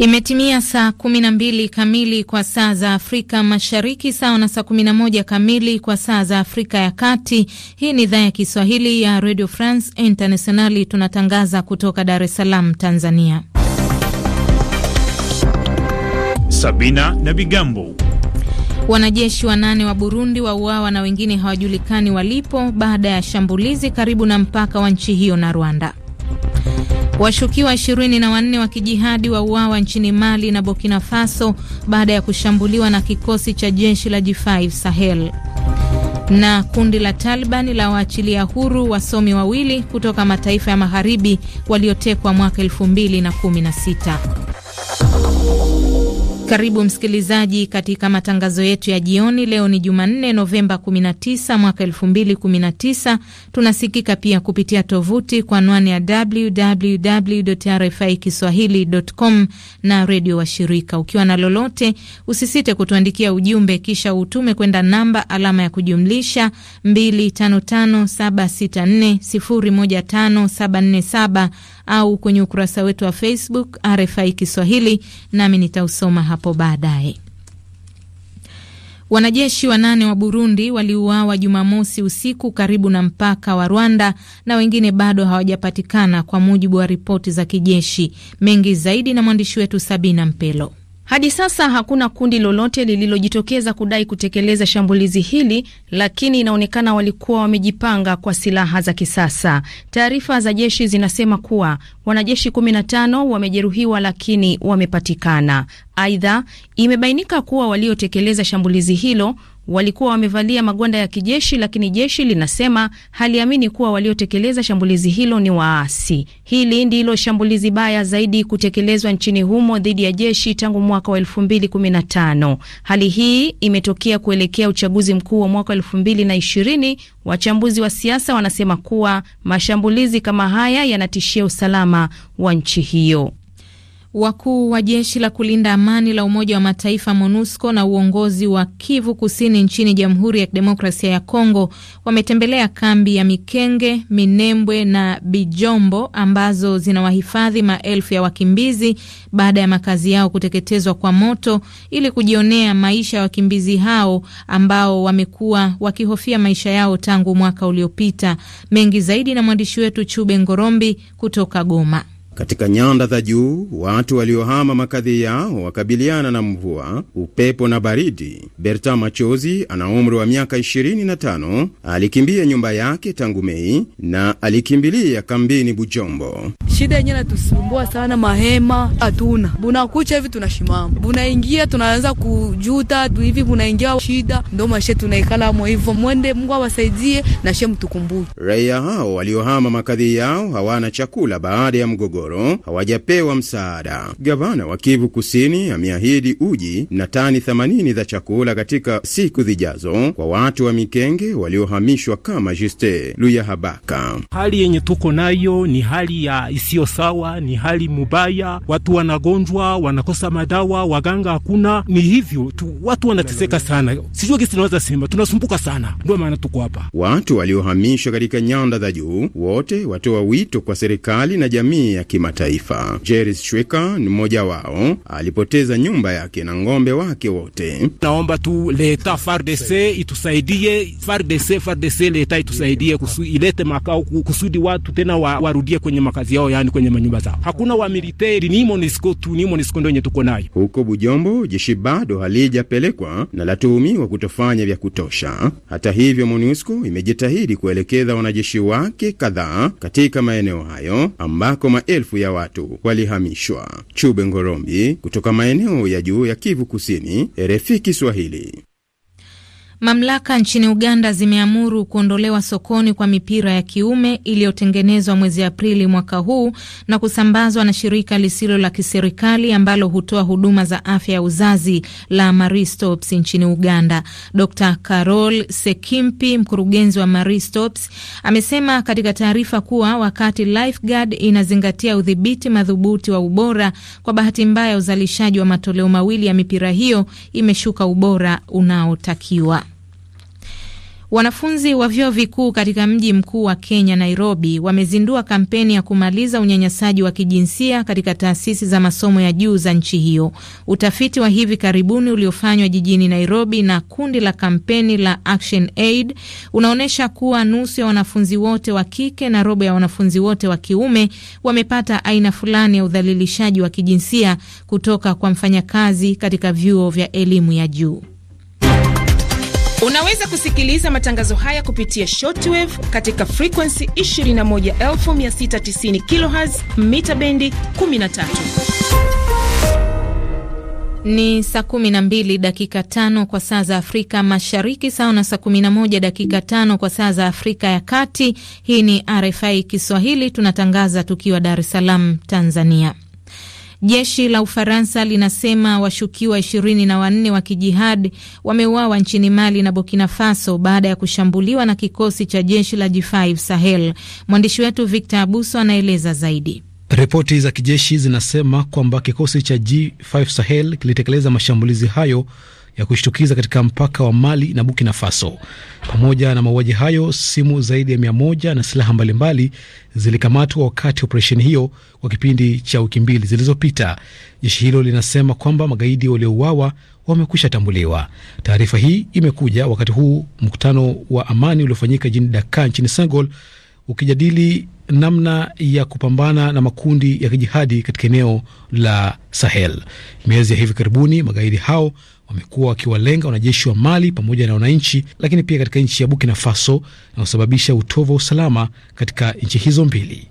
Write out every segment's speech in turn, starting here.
Imetimia saa 12 kamili kwa saa za Afrika Mashariki, sawa na saa 11 kamili kwa saa za Afrika ya Kati. Hii ni idhaa ya Kiswahili ya Radio France Internationali, tunatangaza kutoka Dar es Salaam, Tanzania. Sabina na Bigambo. Wanajeshi wanane wa Burundi wauawa na wengine hawajulikani walipo baada ya shambulizi karibu na mpaka wa nchi hiyo na Rwanda. Washukiwa ishirini na wanne wa kijihadi nchini Mali na Burkina Faso baada ya kushambuliwa na kikosi cha jeshi la G5 Sahel. Na kundi la Taliban la waachilia huru wasomi wawili kutoka mataifa ya magharibi waliotekwa mwaka 2016. Karibu msikilizaji katika matangazo yetu ya jioni. Leo ni Jumanne, Novemba 19 mwaka 2019. Tunasikika pia kupitia tovuti kwa anwani ya www RFI kiswahili.com na redio wa shirika Ukiwa na lolote, usisite kutuandikia ujumbe, kisha utume kwenda namba alama ya kujumlisha 255764015747 au kwenye ukurasa wetu wa Facebook RFI Kiswahili, nami nitausoma hapo baadaye. Wanajeshi wanane wa Burundi waliuawa Jumamosi usiku karibu na mpaka wa Rwanda na wengine bado hawajapatikana kwa mujibu wa ripoti za kijeshi. Mengi zaidi na mwandishi wetu Sabina Mpelo. Hadi sasa hakuna kundi lolote lililojitokeza kudai kutekeleza shambulizi hili, lakini inaonekana walikuwa wamejipanga kwa silaha za kisasa. Taarifa za jeshi zinasema kuwa wanajeshi 15 wamejeruhiwa, lakini wamepatikana. Aidha, imebainika kuwa waliotekeleza shambulizi hilo walikuwa wamevalia magwanda ya kijeshi, lakini jeshi linasema haliamini kuwa waliotekeleza shambulizi hilo ni waasi. Hili ndilo shambulizi baya zaidi kutekelezwa nchini humo dhidi ya jeshi tangu mwaka wa 2015. Hali hii imetokea kuelekea uchaguzi mkuu wa mwaka 2020. Wachambuzi wa siasa wanasema kuwa mashambulizi kama haya yanatishia usalama wa nchi hiyo. Wakuu wa jeshi la kulinda amani la Umoja wa Mataifa MONUSCO na uongozi wa Kivu Kusini nchini Jamhuri ya Kidemokrasia ya Kongo wametembelea kambi ya Mikenge, Minembwe na Bijombo ambazo zinawahifadhi maelfu ya wakimbizi baada ya makazi yao kuteketezwa kwa moto ili kujionea maisha ya wakimbizi hao ambao wamekuwa wakihofia maisha yao tangu mwaka uliopita. Mengi zaidi na mwandishi wetu Chube Ngorombi kutoka Goma. Katika nyanda za juu, watu waliohama makazi yao wakabiliana na mvua, upepo na baridi. Berta Machozi ana umri wa miaka 25, alikimbia nyumba yake tangu Mei na alikimbilia kambini Bujombo. Shida yenyewe natusumbua sana, mahema hatuna, bunakucha hivi tunashimama, bunaingia tunaanza kujuta hivi, bunaingia shida, ndo maisha tunaikalamo hivyo. Mwende Mungu awasaidie na she Raia hao waliohama makazi yao hawana chakula baada ya mgogoro Morogoro hawajapewa msaada. Gavana wa Kivu Kusini ameahidi uji na tani 80 za chakula katika siku zijazo kwa watu wa Mikenge waliohamishwa kama Juste Luya Habaka. Hali yenye tuko nayo ni hali ya isiyo sawa, ni hali mubaya, watu wanagonjwa, wanakosa madawa, waganga hakuna. Ni hivyo tu, watu wanateseka sana, sijui kisi naweza sema, tunasumbuka sana, ndio maana tuko hapa. Watu waliohamishwa katika nyanda za juu wote watoa wito kwa serikali na jamii ya kimataifa. Jeris Shwika ni mmoja wao, alipoteza nyumba yake na ng'ombe wake wote. Naomba tu leta FARDC itusaidie, FARDC, FARDC leta itusaidie kusu, ilete makao kusudi watu tena wa, warudie kwenye makazi yao, yani kwenye manyumba zao. Hakuna wa militeri, ni MONUSCO tu, ni MONUSCO ndio yenye tuko nayo huko Bujombo. Jeshi bado halijapelekwa na latuhumiwa kutofanya vya kutosha. Hata hivyo, MONUSCO imejitahidi kuelekeza wanajeshi wake kadhaa katika maeneo hayo ambako maelfu maelfu ya watu walihamishwa. Chube Ngorombi, kutoka maeneo ya juu ya Kivu Kusini, RFI Kiswahili. Mamlaka nchini Uganda zimeamuru kuondolewa sokoni kwa mipira ya kiume iliyotengenezwa mwezi Aprili mwaka huu na kusambazwa na shirika lisilo la kiserikali ambalo hutoa huduma za afya ya uzazi la Marie Stopes nchini Uganda. Dr Carol Sekimpi, mkurugenzi wa Marie Stopes, amesema katika taarifa kuwa wakati Lifeguard inazingatia udhibiti madhubuti wa ubora, kwa bahati mbaya uzalishaji wa matoleo mawili ya mipira hiyo imeshuka ubora unaotakiwa. Wanafunzi wa vyuo vikuu katika mji mkuu wa Kenya, Nairobi, wamezindua kampeni ya kumaliza unyanyasaji wa kijinsia katika taasisi za masomo ya juu za nchi hiyo. Utafiti wa hivi karibuni uliofanywa jijini Nairobi na kundi la kampeni la Action Aid unaonyesha kuwa nusu ya wanafunzi wote wa kike na robo ya wanafunzi wote wa kiume wamepata aina fulani ya udhalilishaji wa kijinsia kutoka kwa mfanyakazi katika vyuo vya elimu ya juu. Unaweza kusikiliza matangazo haya kupitia shortwave katika frekuensi 21690 kHz mita bendi 13. Ni saa 12 dakika tano kwa saa za Afrika Mashariki, sawa na saa 11 dakika tano kwa saa za Afrika ya Kati. Hii ni RFI Kiswahili, tunatangaza tukiwa Dar es Salaam, Tanzania. Jeshi la Ufaransa linasema washukiwa ishirini na wanne wa kijihadi wameuawa nchini Mali na Burkina Faso baada ya kushambuliwa na kikosi cha jeshi la G5 Sahel. Mwandishi wetu Victor Abuso anaeleza zaidi. Ripoti za kijeshi zinasema kwamba kikosi cha G5 Sahel kilitekeleza mashambulizi hayo ya kushtukiza katika mpaka wa Mali na Burkina Faso. Pamoja na mauaji hayo, simu zaidi ya mia moja na silaha mbalimbali zilikamatwa wakati operesheni hiyo kwa kipindi cha wiki mbili zilizopita. Jeshi hilo linasema kwamba magaidi waliouawa wamekwisha tambuliwa. Taarifa hii imekuja wakati huu mkutano wa amani uliofanyika jijini Dakar nchini Senegal ukijadili namna ya kupambana na makundi ya kijihadi katika eneo la Sahel. Miezi ya hivi karibuni magaidi hao wamekuwa wakiwalenga wanajeshi wa Mali pamoja na wananchi, lakini pia katika nchi ya Burkina Faso na kusababisha utovu wa usalama katika nchi hizo mbili.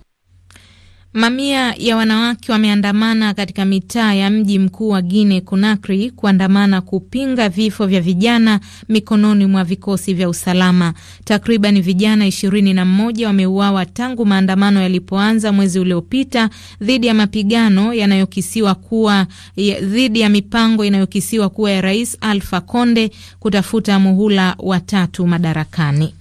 Mamia ya wanawake wameandamana katika mitaa ya mji mkuu wa guine Conakry kuandamana kupinga vifo vya vijana mikononi mwa vikosi vya usalama. Takriban vijana ishirini na mmoja wameuawa tangu maandamano yalipoanza mwezi uliopita dhidi ya mapigano yanayokisiwa kuwa dhidi ya mipango inayokisiwa kuwa ya Rais alfa Konde kutafuta muhula wa tatu madarakani.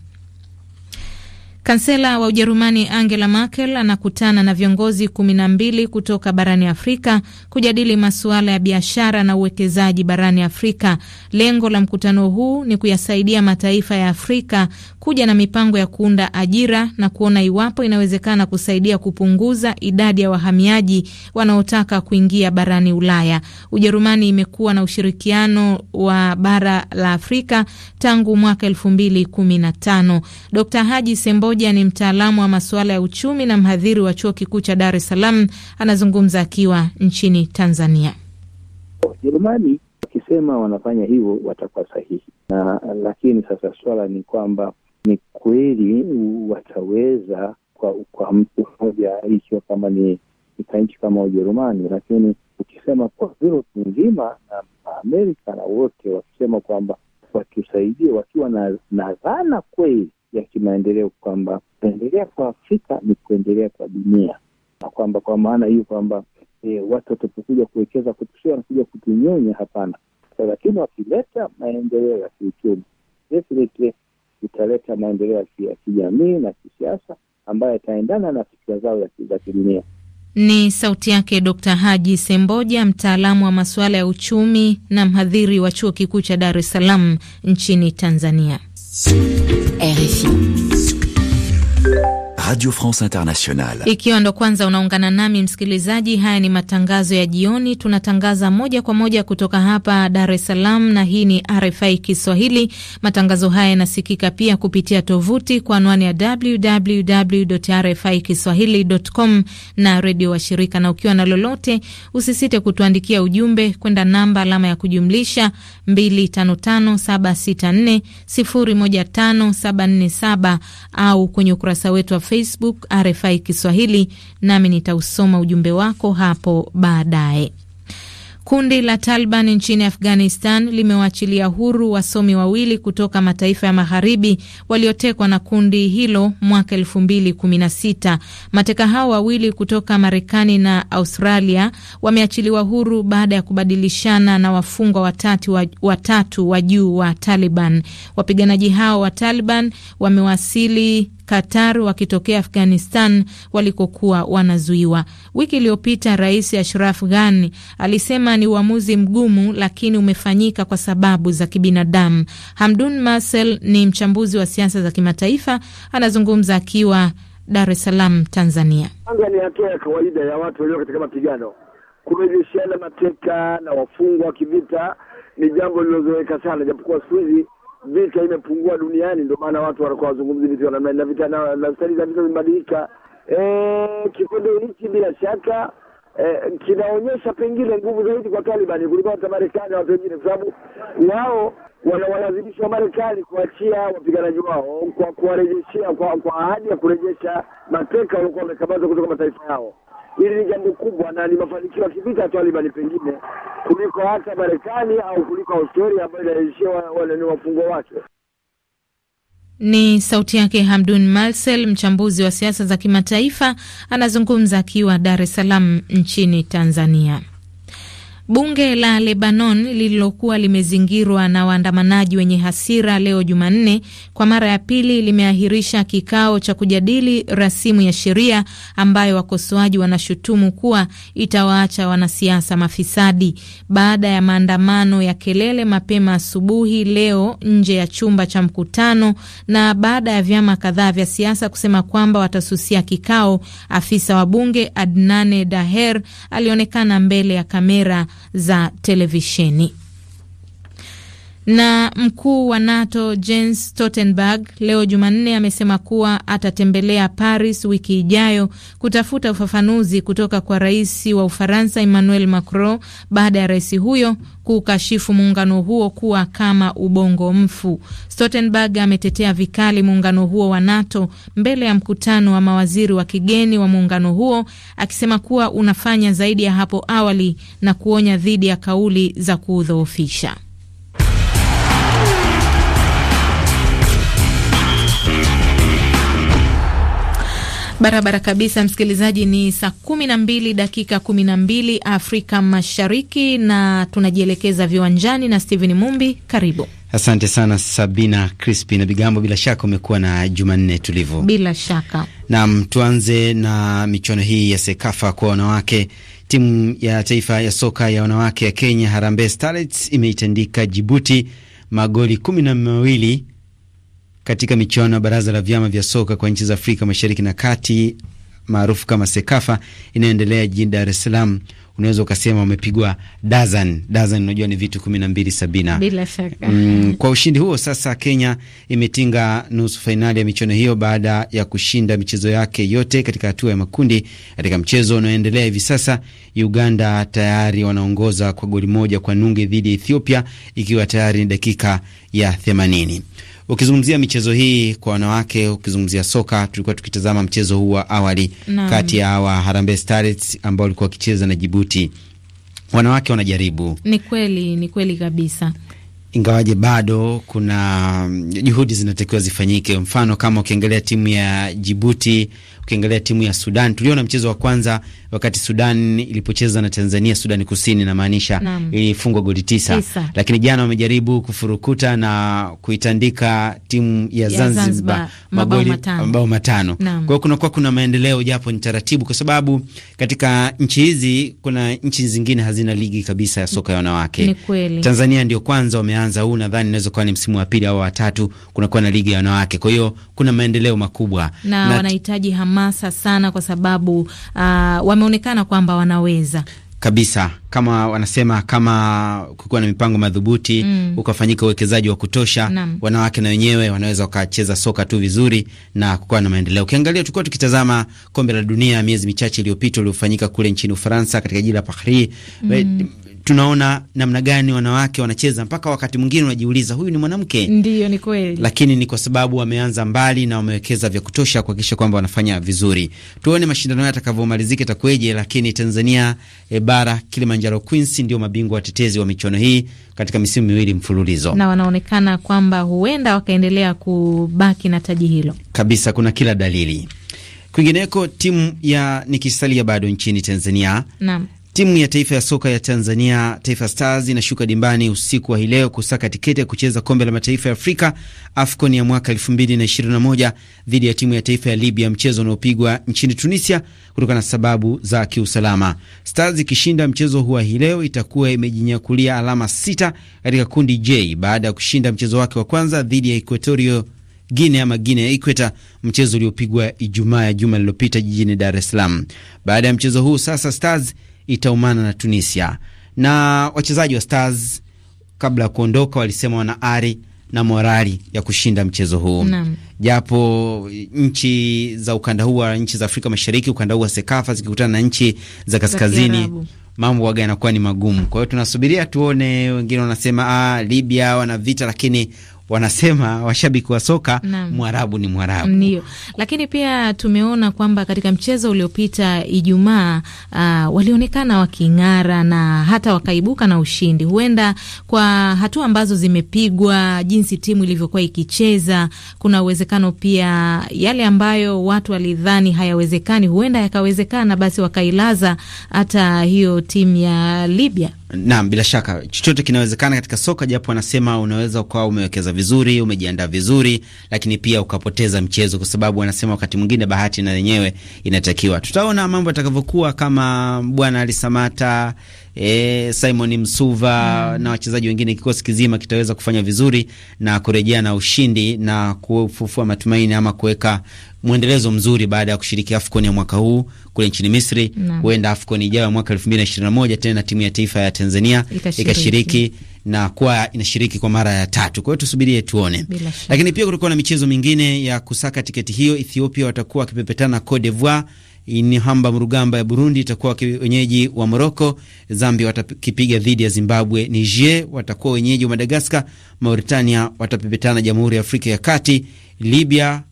Kansela wa Ujerumani Angela Merkel anakutana na viongozi kumi na mbili kutoka barani Afrika kujadili masuala ya biashara na uwekezaji barani Afrika. Lengo la mkutano huu ni kuyasaidia mataifa ya Afrika kuja na mipango ya kuunda ajira na kuona iwapo inawezekana kusaidia kupunguza idadi ya wahamiaji wanaotaka kuingia barani Ulaya. Ujerumani imekuwa na ushirikiano wa bara la Afrika tangu mwaka elfu mbili kumi na tano. Dkt Haji Sembo mmoja ni mtaalamu wa masuala ya uchumi na mhadhiri wa chuo kikuu cha Dar es Salaam, anazungumza akiwa nchini Tanzania. Wajerumani wakisema wanafanya hivyo watakuwa sahihi na, lakini sasa swala ni kwamba ni kweli wataweza kwa, kwa mtu mmoja ikiwa kama ni nchi kama Ujerumani, lakini ukisema kwa Urope nzima na Amerika na wote wakisema kwamba watusaidie wakiwa na, na dhana kweli ya kimaendeleo kwamba kuendelea kwa Afrika ni kuendelea kwa dunia, na kwamba kwa maana hiyo kwamba e, watu watapokuja kuwekeza kutusia wanakuja kutunyonya, hapana. So, lakini wakileta maendeleo ya kiuchumi definitely italeta maendeleo ya kijamii na kisiasa ambayo yataendana na fikira zao za kidunia. Ni sauti yake Dr. Haji Semboja, mtaalamu wa masuala ya uchumi na mhadhiri wa chuo kikuu cha Dar es Salaam nchini Tanzania. RFI Radio France Internationale. Ikiwa ndo kwanza unaungana nami msikilizaji, haya ni matangazo ya jioni. Tunatangaza moja kwa moja kutoka hapa Dar es Salaam na hii ni RFI Kiswahili. Matangazo haya yanasikika pia kupitia tovuti kwa anwani ya www.rfikiswahili.com na redio shirika na ukiwa na lolote usisite kutuandikia ujumbe kwenda namba alama ya kujumlisha 255764015747 au kwenye ukurasa wetu wa Facebook RFI Kiswahili, nami nitausoma ujumbe wako hapo baadaye. Kundi la Taliban nchini Afghanistan limewaachilia huru wasomi wawili kutoka mataifa ya magharibi waliotekwa na kundi hilo mwaka sita. Mateka hao wawili kutoka Marekani na Australia wameachiliwa huru baada ya kubadilishana na wafungwa watatu wa, watatu wa juu wa Taliban. Wapiganaji hao wa Taliban wamewasili Qatar wakitokea Afghanistan walikokuwa wanazuiwa. Wiki iliyopita Rais Ashraf Ghani alisema ni uamuzi mgumu, lakini umefanyika kwa sababu za kibinadamu. Hamdun Marcel ni mchambuzi wa siasa za kimataifa, anazungumza akiwa Dar es Salaam, Tanzania. Kwanza ni hatua ya kawaida ya watu walio katika mapigano kurejeshiana mateka na wafungwa wa kivita, ni jambo lililozoeleka sana, japokuwa siku hizi vita imepungua duniani, ndio maana watu wanakuwa wazungumzi vitu namna na vita na, na stari za vita zimebadilika. E, eh, kikundi hichi bila shaka e, kinaonyesha pengine nguvu zaidi kwa Taliban kuliko hata Marekani na watu wengine, kwa sababu wao wanawalazimisha marekani kuachia wapiganaji wao kwa kuwarejeshia kwa, kwa ahadi ya kurejesha mateka waliokuwa wamekamata kutoka mataifa yao. Hili ni jambo kubwa na ni mafanikio ya kivita Taliban pengine kuliko hata Marekani au kuliko Australia ambayo inaishia ni wafungwa wake. Ni sauti yake Hamdun Malsel, mchambuzi wa siasa za kimataifa, anazungumza akiwa Dar es Salaam nchini Tanzania. Bunge la Lebanon lililokuwa limezingirwa na waandamanaji wenye hasira leo Jumanne kwa mara ya pili limeahirisha kikao cha kujadili rasimu ya sheria ambayo wakosoaji wanashutumu kuwa itawaacha wanasiasa mafisadi. Baada ya maandamano ya kelele mapema asubuhi leo nje ya chumba cha mkutano na baada ya vyama kadhaa vya siasa kusema kwamba watasusia kikao, afisa wa bunge Adnane Daher alionekana mbele ya kamera za televisheni. Na mkuu wa NATO Jens Stoltenberg leo Jumanne amesema kuwa atatembelea Paris wiki ijayo kutafuta ufafanuzi kutoka kwa rais wa Ufaransa Emmanuel Macron baada ya rais huyo kukashifu muungano huo kuwa kama ubongo mfu. Stoltenberg ametetea vikali muungano huo wa NATO mbele ya mkutano wa mawaziri wa kigeni wa muungano huo, akisema kuwa unafanya zaidi ya hapo awali na kuonya dhidi ya kauli za kuudhoofisha. Barabara kabisa, msikilizaji. Ni saa kumi na mbili dakika kumi na mbili Afrika Mashariki, na tunajielekeza viwanjani na Steven Mumbi. Karibu. Asante sana Sabina Crispi na Bigambo, bila shaka umekuwa na Jumanne tulivu. Bila shaka nam, tuanze na michuano hii ya Sekafa kwa wanawake. Timu ya taifa ya soka ya wanawake ya Kenya, Harambee Starlets, imeitandika Jibuti magoli kumi na mawili katika michuano ya baraza la vyama vya soka kwa nchi za Afrika Mashariki na Kati maarufu kama Sekafa inayoendelea jijini Dar es Salaam. Unaweza ukasema wamepigwa dazan dazan, unajua ni vitu kumi na mbili sabina bila shaka mm. Kwa ushindi huo sasa Kenya imetinga nusu fainali ya michuano hiyo baada ya kushinda michezo yake yote katika hatua ya makundi. Katika mchezo unaoendelea hivi sasa, Uganda tayari wanaongoza kwa goli moja kwa nunge dhidi ya Ethiopia, ikiwa tayari ni dakika ya themanini. Ukizungumzia michezo hii kwa wanawake, ukizungumzia soka, tulikuwa tukitazama mchezo huu wa awali na kati ya hawa Harambee Stars ambao walikuwa wakicheza na Jibuti. Wanawake wanajaribu, ni kweli, ni kweli kabisa ingawaje bado kuna mm, juhudi zinatakiwa zifanyike. Mfano, kama ukiangalia timu ya Jibuti, ukiangalia timu ya Sudan, tuliona mchezo wa kwanza wakati Sudan ilipocheza na Tanzania, Sudani Kusini namaanisha, ilifungwa goli tisa. Lakini jana wamejaribu kufurukuta na kuitandika timu ya, ya Zanzibar, Zanzibar magoli mabao matano. Kwa hiyo kunakuwa kuna maendeleo japo ni taratibu, kwa sababu katika nchi hizi kuna nchi zingine hazina ligi kabisa ya soka ya wanawake. Tanzania ndio kwanza wameanza huu, nadhani inaweza kuwa ni msimu wa pili au watatu kunakuwa na ligi ya wanawake, kwa hiyo kuna maendeleo makubwa na, na wanahitaji hamasa sana kwa sababu uh, wameonekana kwamba wanaweza kabisa kama wanasema kama kukiwa na mipango madhubuti mm, ukafanyika uwekezaji wa kutosha Nam. wanawake na wenyewe wanaweza wakacheza soka tu vizuri na kukiwa na maendeleo. Ukiangalia, tulikuwa tukitazama kombe la dunia miezi michache iliyopita uliofanyika kule nchini Ufaransa katika jiji la Paris mm, tunaona namna gani wanawake wanacheza, mpaka wakati mwingine unajiuliza huyu ni mwanamke. Ndio, ni kweli, lakini ni kwa sababu wameanza mbali na wamewekeza vya kutosha kuhakikisha kwamba wanafanya vizuri. Tuone mashindano yatakavyomalizika takweje, lakini Tanzania e, bara Kilimanjaro Queens ndio mabingwa watetezi wa michuano hii katika misimu miwili mfululizo, na wanaonekana kwamba huenda wakaendelea kubaki na taji hilo kabisa. Kuna kila dalili. Kwingineko, timu ya nikisalia bado nchini Tanzania Naam. Timu ya taifa ya soka ya Tanzania, Taifa Stars, inashuka dimbani usiku wa hii leo kusaka tiketi ya kucheza kombe la mataifa ya Afrika, AFCON ya mwaka 2021 dhidi ya timu ya taifa ya Libya, mchezo unaopigwa nchini Tunisia kutokana na sababu za kiusalama. Stars ikishinda mchezo huwa hii leo itakuwa imejinyakulia alama sita katika kundi J baada ya kushinda mchezo wake wa kwanza dhidi ya Equatorio Guinea ama Guinea ya Ikweta, mchezo uliopigwa Ijumaa ya juma lililopita jijini Dar es Salaam. Baada ya mchezo huu sasa Stars itaumana na Tunisia. Na wachezaji wa Stars kabla ya kuondoka walisema wana ari na morali ya kushinda mchezo huu Japo nchi za ukanda huu wa nchi za Afrika Mashariki, ukanda huu wa Sekafa zikikutana na nchi za kaskazini, mambo waga yanakuwa ni magumu. Kwa hiyo tunasubiria tuone, wengine wanasema ah, Libya wana vita, lakini wanasema washabiki wa soka Mwarabu ni Mwarabu. Ndio, lakini pia tumeona kwamba katika mchezo uliopita Ijumaa, uh, walionekana waking'ara na hata wakaibuka na ushindi, huenda kwa hatua ambazo zimepigwa, jinsi timu ilivyokuwa ikicheza, kuna uwezekano pia yale ambayo watu walidhani hayawezekani huenda yakawezekana, basi wakailaza hata hiyo timu ya Libya. Naam, bila shaka chochote kinawezekana katika soka, japo anasema unaweza ukawa umewekeza vizuri, umejiandaa vizuri, lakini pia ukapoteza mchezo, kwa sababu anasema wakati mwingine bahati na yenyewe inatakiwa. Tutaona mambo yatakavyokuwa kama bwana alisamata e, Simon Msuva mm, na wachezaji wengine, kikosi kizima kitaweza kufanya vizuri na kurejea na ushindi na kufufua matumaini ama kuweka mwendelezo mzuri baada ya kushiriki AFCON ya mwaka huu kule nchini Misri. Huenda AFCON ijayo ya mwaka elfu na ishirini na moja tena timu ya taifa ya Tanzania ikashiriki na kuwa inashiriki kwa mara ya tatu. Kwa hiyo tusubirie tuone, lakini pia kulikuwa na michezo mingine ya kusaka tiketi hiyo. Ethiopia watakuwa wakipepetana na Cote d'Ivoire Inihamba Mrugamba ya Burundi itakuwa wenyeji wa Moroko. Zambia watakipiga dhidi ya Zimbabwe. Niger watakuwa wenyeji wa Madagaskar. Mauritania watapepetana Jamhuri ya Afrika ya Kati. Libya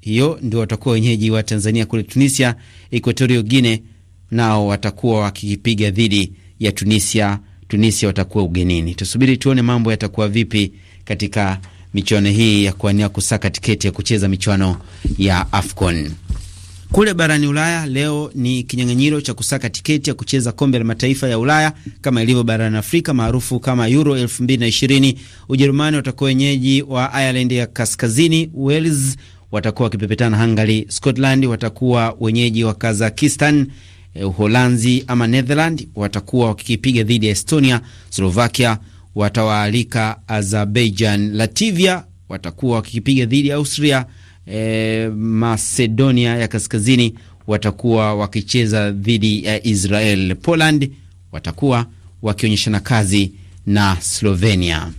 hiyo ndio watakuwa wenyeji wa Tanzania. Kule Tunisia, Equatorio Guine nao watakuwa wakikipiga dhidi ya Tunisia. Tunisia watakuwa ugenini. Tusubiri tuone mambo yatakuwa vipi katika michuano hii ya kuania kusaka tiketi ya kucheza michuano ya AFCON. Kule barani Ulaya leo ni kinyang'anyiro cha kusaka tiketi ya kucheza kombe la mataifa ya Ulaya kama ilivyo barani Afrika maarufu kama Euro 2020. Ujerumani watakuwa wenyeji wa Ireland ya Kaskazini, Wales watakuwa wakipepetana Hungary, Scotland watakuwa wenyeji wa Kazakistan, eh, Uholanzi ama Netherland watakuwa wakikipiga dhidi ya Estonia, Slovakia watawaalika Azerbaijan, Latvia watakuwa wakikipiga dhidi ya Austria eh, Macedonia ya Kaskazini watakuwa wakicheza dhidi ya Israel. Poland watakuwa wakionyeshana kazi na Slovenia.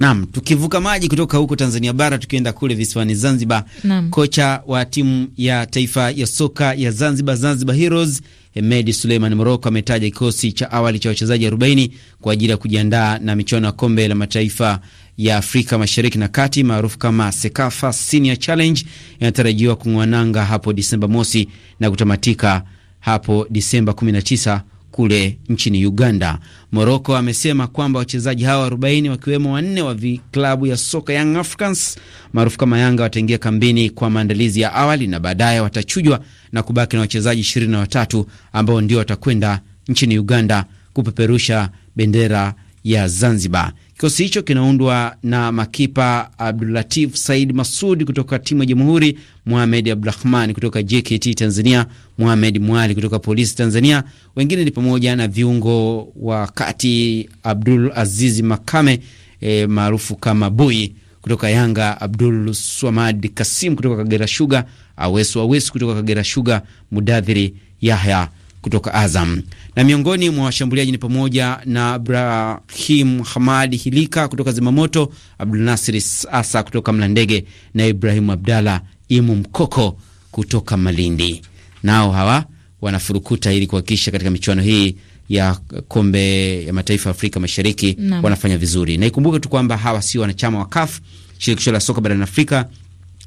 Naam, tukivuka maji kutoka huko Tanzania bara tukienda kule visiwani Zanzibar. Naam. Kocha wa timu ya taifa ya soka ya Zanzibar, Zanzibar Heroes, Hemedi Suleiman Moroko ametaja kikosi cha awali cha wachezaji 40 kwa ajili ya kujiandaa na michuano ya kombe la mataifa ya Afrika Mashariki na Kati maarufu kama Sekafa Senior Challenge inatarajiwa kung'wananga hapo Disemba mosi na kutamatika hapo Disemba 19 kule nchini Uganda. Moroko amesema kwamba wachezaji hawa 40 wakiwemo wanne wa klabu ya soka Young Africans maarufu kama Yanga wataingia kambini kwa maandalizi ya awali na baadaye watachujwa na kubaki na wachezaji 23 ambao ndio watakwenda nchini Uganda kupeperusha bendera ya Zanzibar. Kikosi hicho kinaundwa na makipa Abdulatif Said Masud kutoka timu ya Jamhuri, muhamed Abdurahman kutoka JKT Tanzania, muhamed Mwali kutoka Polisi Tanzania. Wengine ni pamoja na viungo wa kati Abdul azizi Makame e, maarufu kama Bui kutoka Yanga, Abdul Swamad Kasim kutoka Kagera shuga Awesu Awesu kutoka Kagera shuga Mudadhiri Yahya kutoka Azam. Na miongoni mwa washambuliaji ni pamoja na brahim hamad Hilika kutoka Zimamoto, abdunasiri Asa kutoka Mlandege na Ibrahimu Abdalla Imu Mkoko kutoka Malindi. Nao hawa wanafurukuta ili kuhakikisha katika michuano hii ya kombe ya mataifa ya Afrika Mashariki na wanafanya vizuri, na ikumbuke tu kwamba hawa sio wanachama wa CAF, shirikisho la soka barani Afrika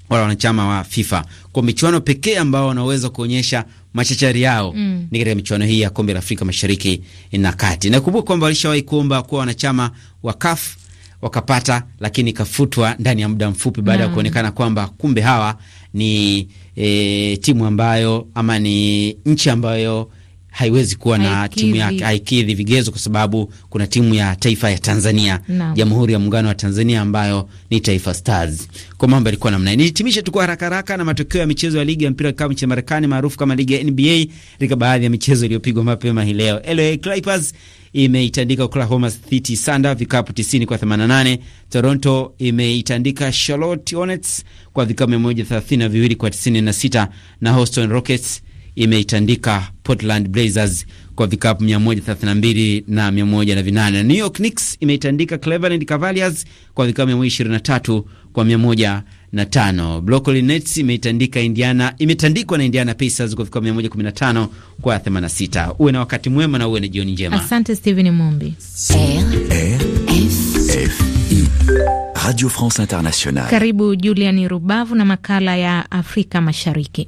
wala wanachama wa FIFA kwa michuano pekee ambao wanaweza kuonyesha machachari yao mm. ni katika michuano hii ya kombe la Afrika Mashariki na Kati. Nakumbuka kwamba walishawahi kuomba kuwa wanachama wa CAF wakapata, lakini ikafutwa ndani ya muda mfupi baada ya mm. kuonekana kwamba kumbe hawa ni e, timu ambayo ama ni nchi ambayo haiwezi kuwa na haikidhi timu yake, haikidhi vigezo, kwa sababu kuna timu ya taifa ya Tanzania, Jamhuri ya Muungano wa Tanzania ambayo ni Taifa Stars. Kwa mambo yalikuwa namna hii. nitimishe tu kwa haraka haraka na matokeo ya michezo ya ligi ya mpira kama kikapu nchini Marekani maarufu kama ligi ya NBA katika baadhi ya michezo iliyopigwa mapema hii leo. LA Clippers imeitandika Oklahoma City Thunder vikapu 90 kwa 88. Toronto imeitandika Charlotte Hornets kwa vikapu 132 kwa 96 na Houston Rockets imeitandika Portland Blazers kwa vikapu 132 na 108 New York Knicks imeitandika Cleveland Cavaliers kwa vikapu 123 kwa 105. Brooklyn Nets imeitandika Indiana, imetandikwa na Indiana Pacers kwa vikapu 115 kwa 86. Uwe na wakati mwema na uwe na jioni njema. Asante Steven Mumbi. Radio France Internationale. Karibu Julian Rubavu na makala ya Afrika Mashariki.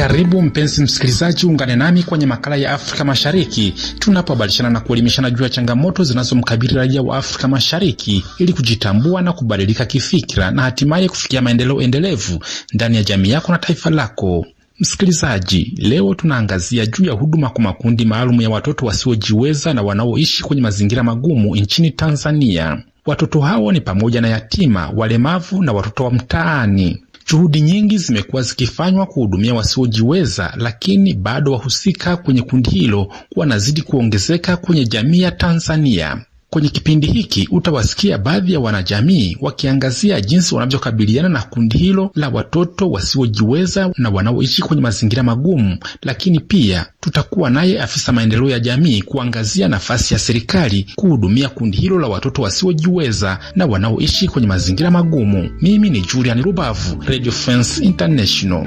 Karibu mpenzi msikilizaji, ungane nami kwenye makala ya Afrika Mashariki tunapobadilishana na kuelimishana juu ya changamoto zinazomkabili raia wa Afrika Mashariki ili kujitambua na kubadilika kifikira na hatimaye kufikia maendeleo endelevu ndani ya jamii yako na taifa lako. Msikilizaji, leo tunaangazia juu ya huduma kwa makundi maalum ya watoto wasiojiweza na wanaoishi kwenye mazingira magumu nchini Tanzania. Watoto hao ni pamoja na yatima, walemavu na watoto wa mtaani. Juhudi nyingi zimekuwa zikifanywa kuhudumia wasiojiweza, lakini bado wahusika kwenye kundi hilo wanazidi kuongezeka kwenye jamii ya Tanzania. Kwenye kipindi hiki utawasikia baadhi ya wanajamii wakiangazia jinsi wanavyokabiliana na kundi hilo la watoto wasiojiweza na wanaoishi kwenye mazingira magumu, lakini pia tutakuwa naye afisa maendeleo ya jamii kuangazia nafasi ya serikali kuhudumia kundi hilo la watoto wasiojiweza na wanaoishi kwenye mazingira magumu. Mimi ni Julian Rubavu, Radio France International.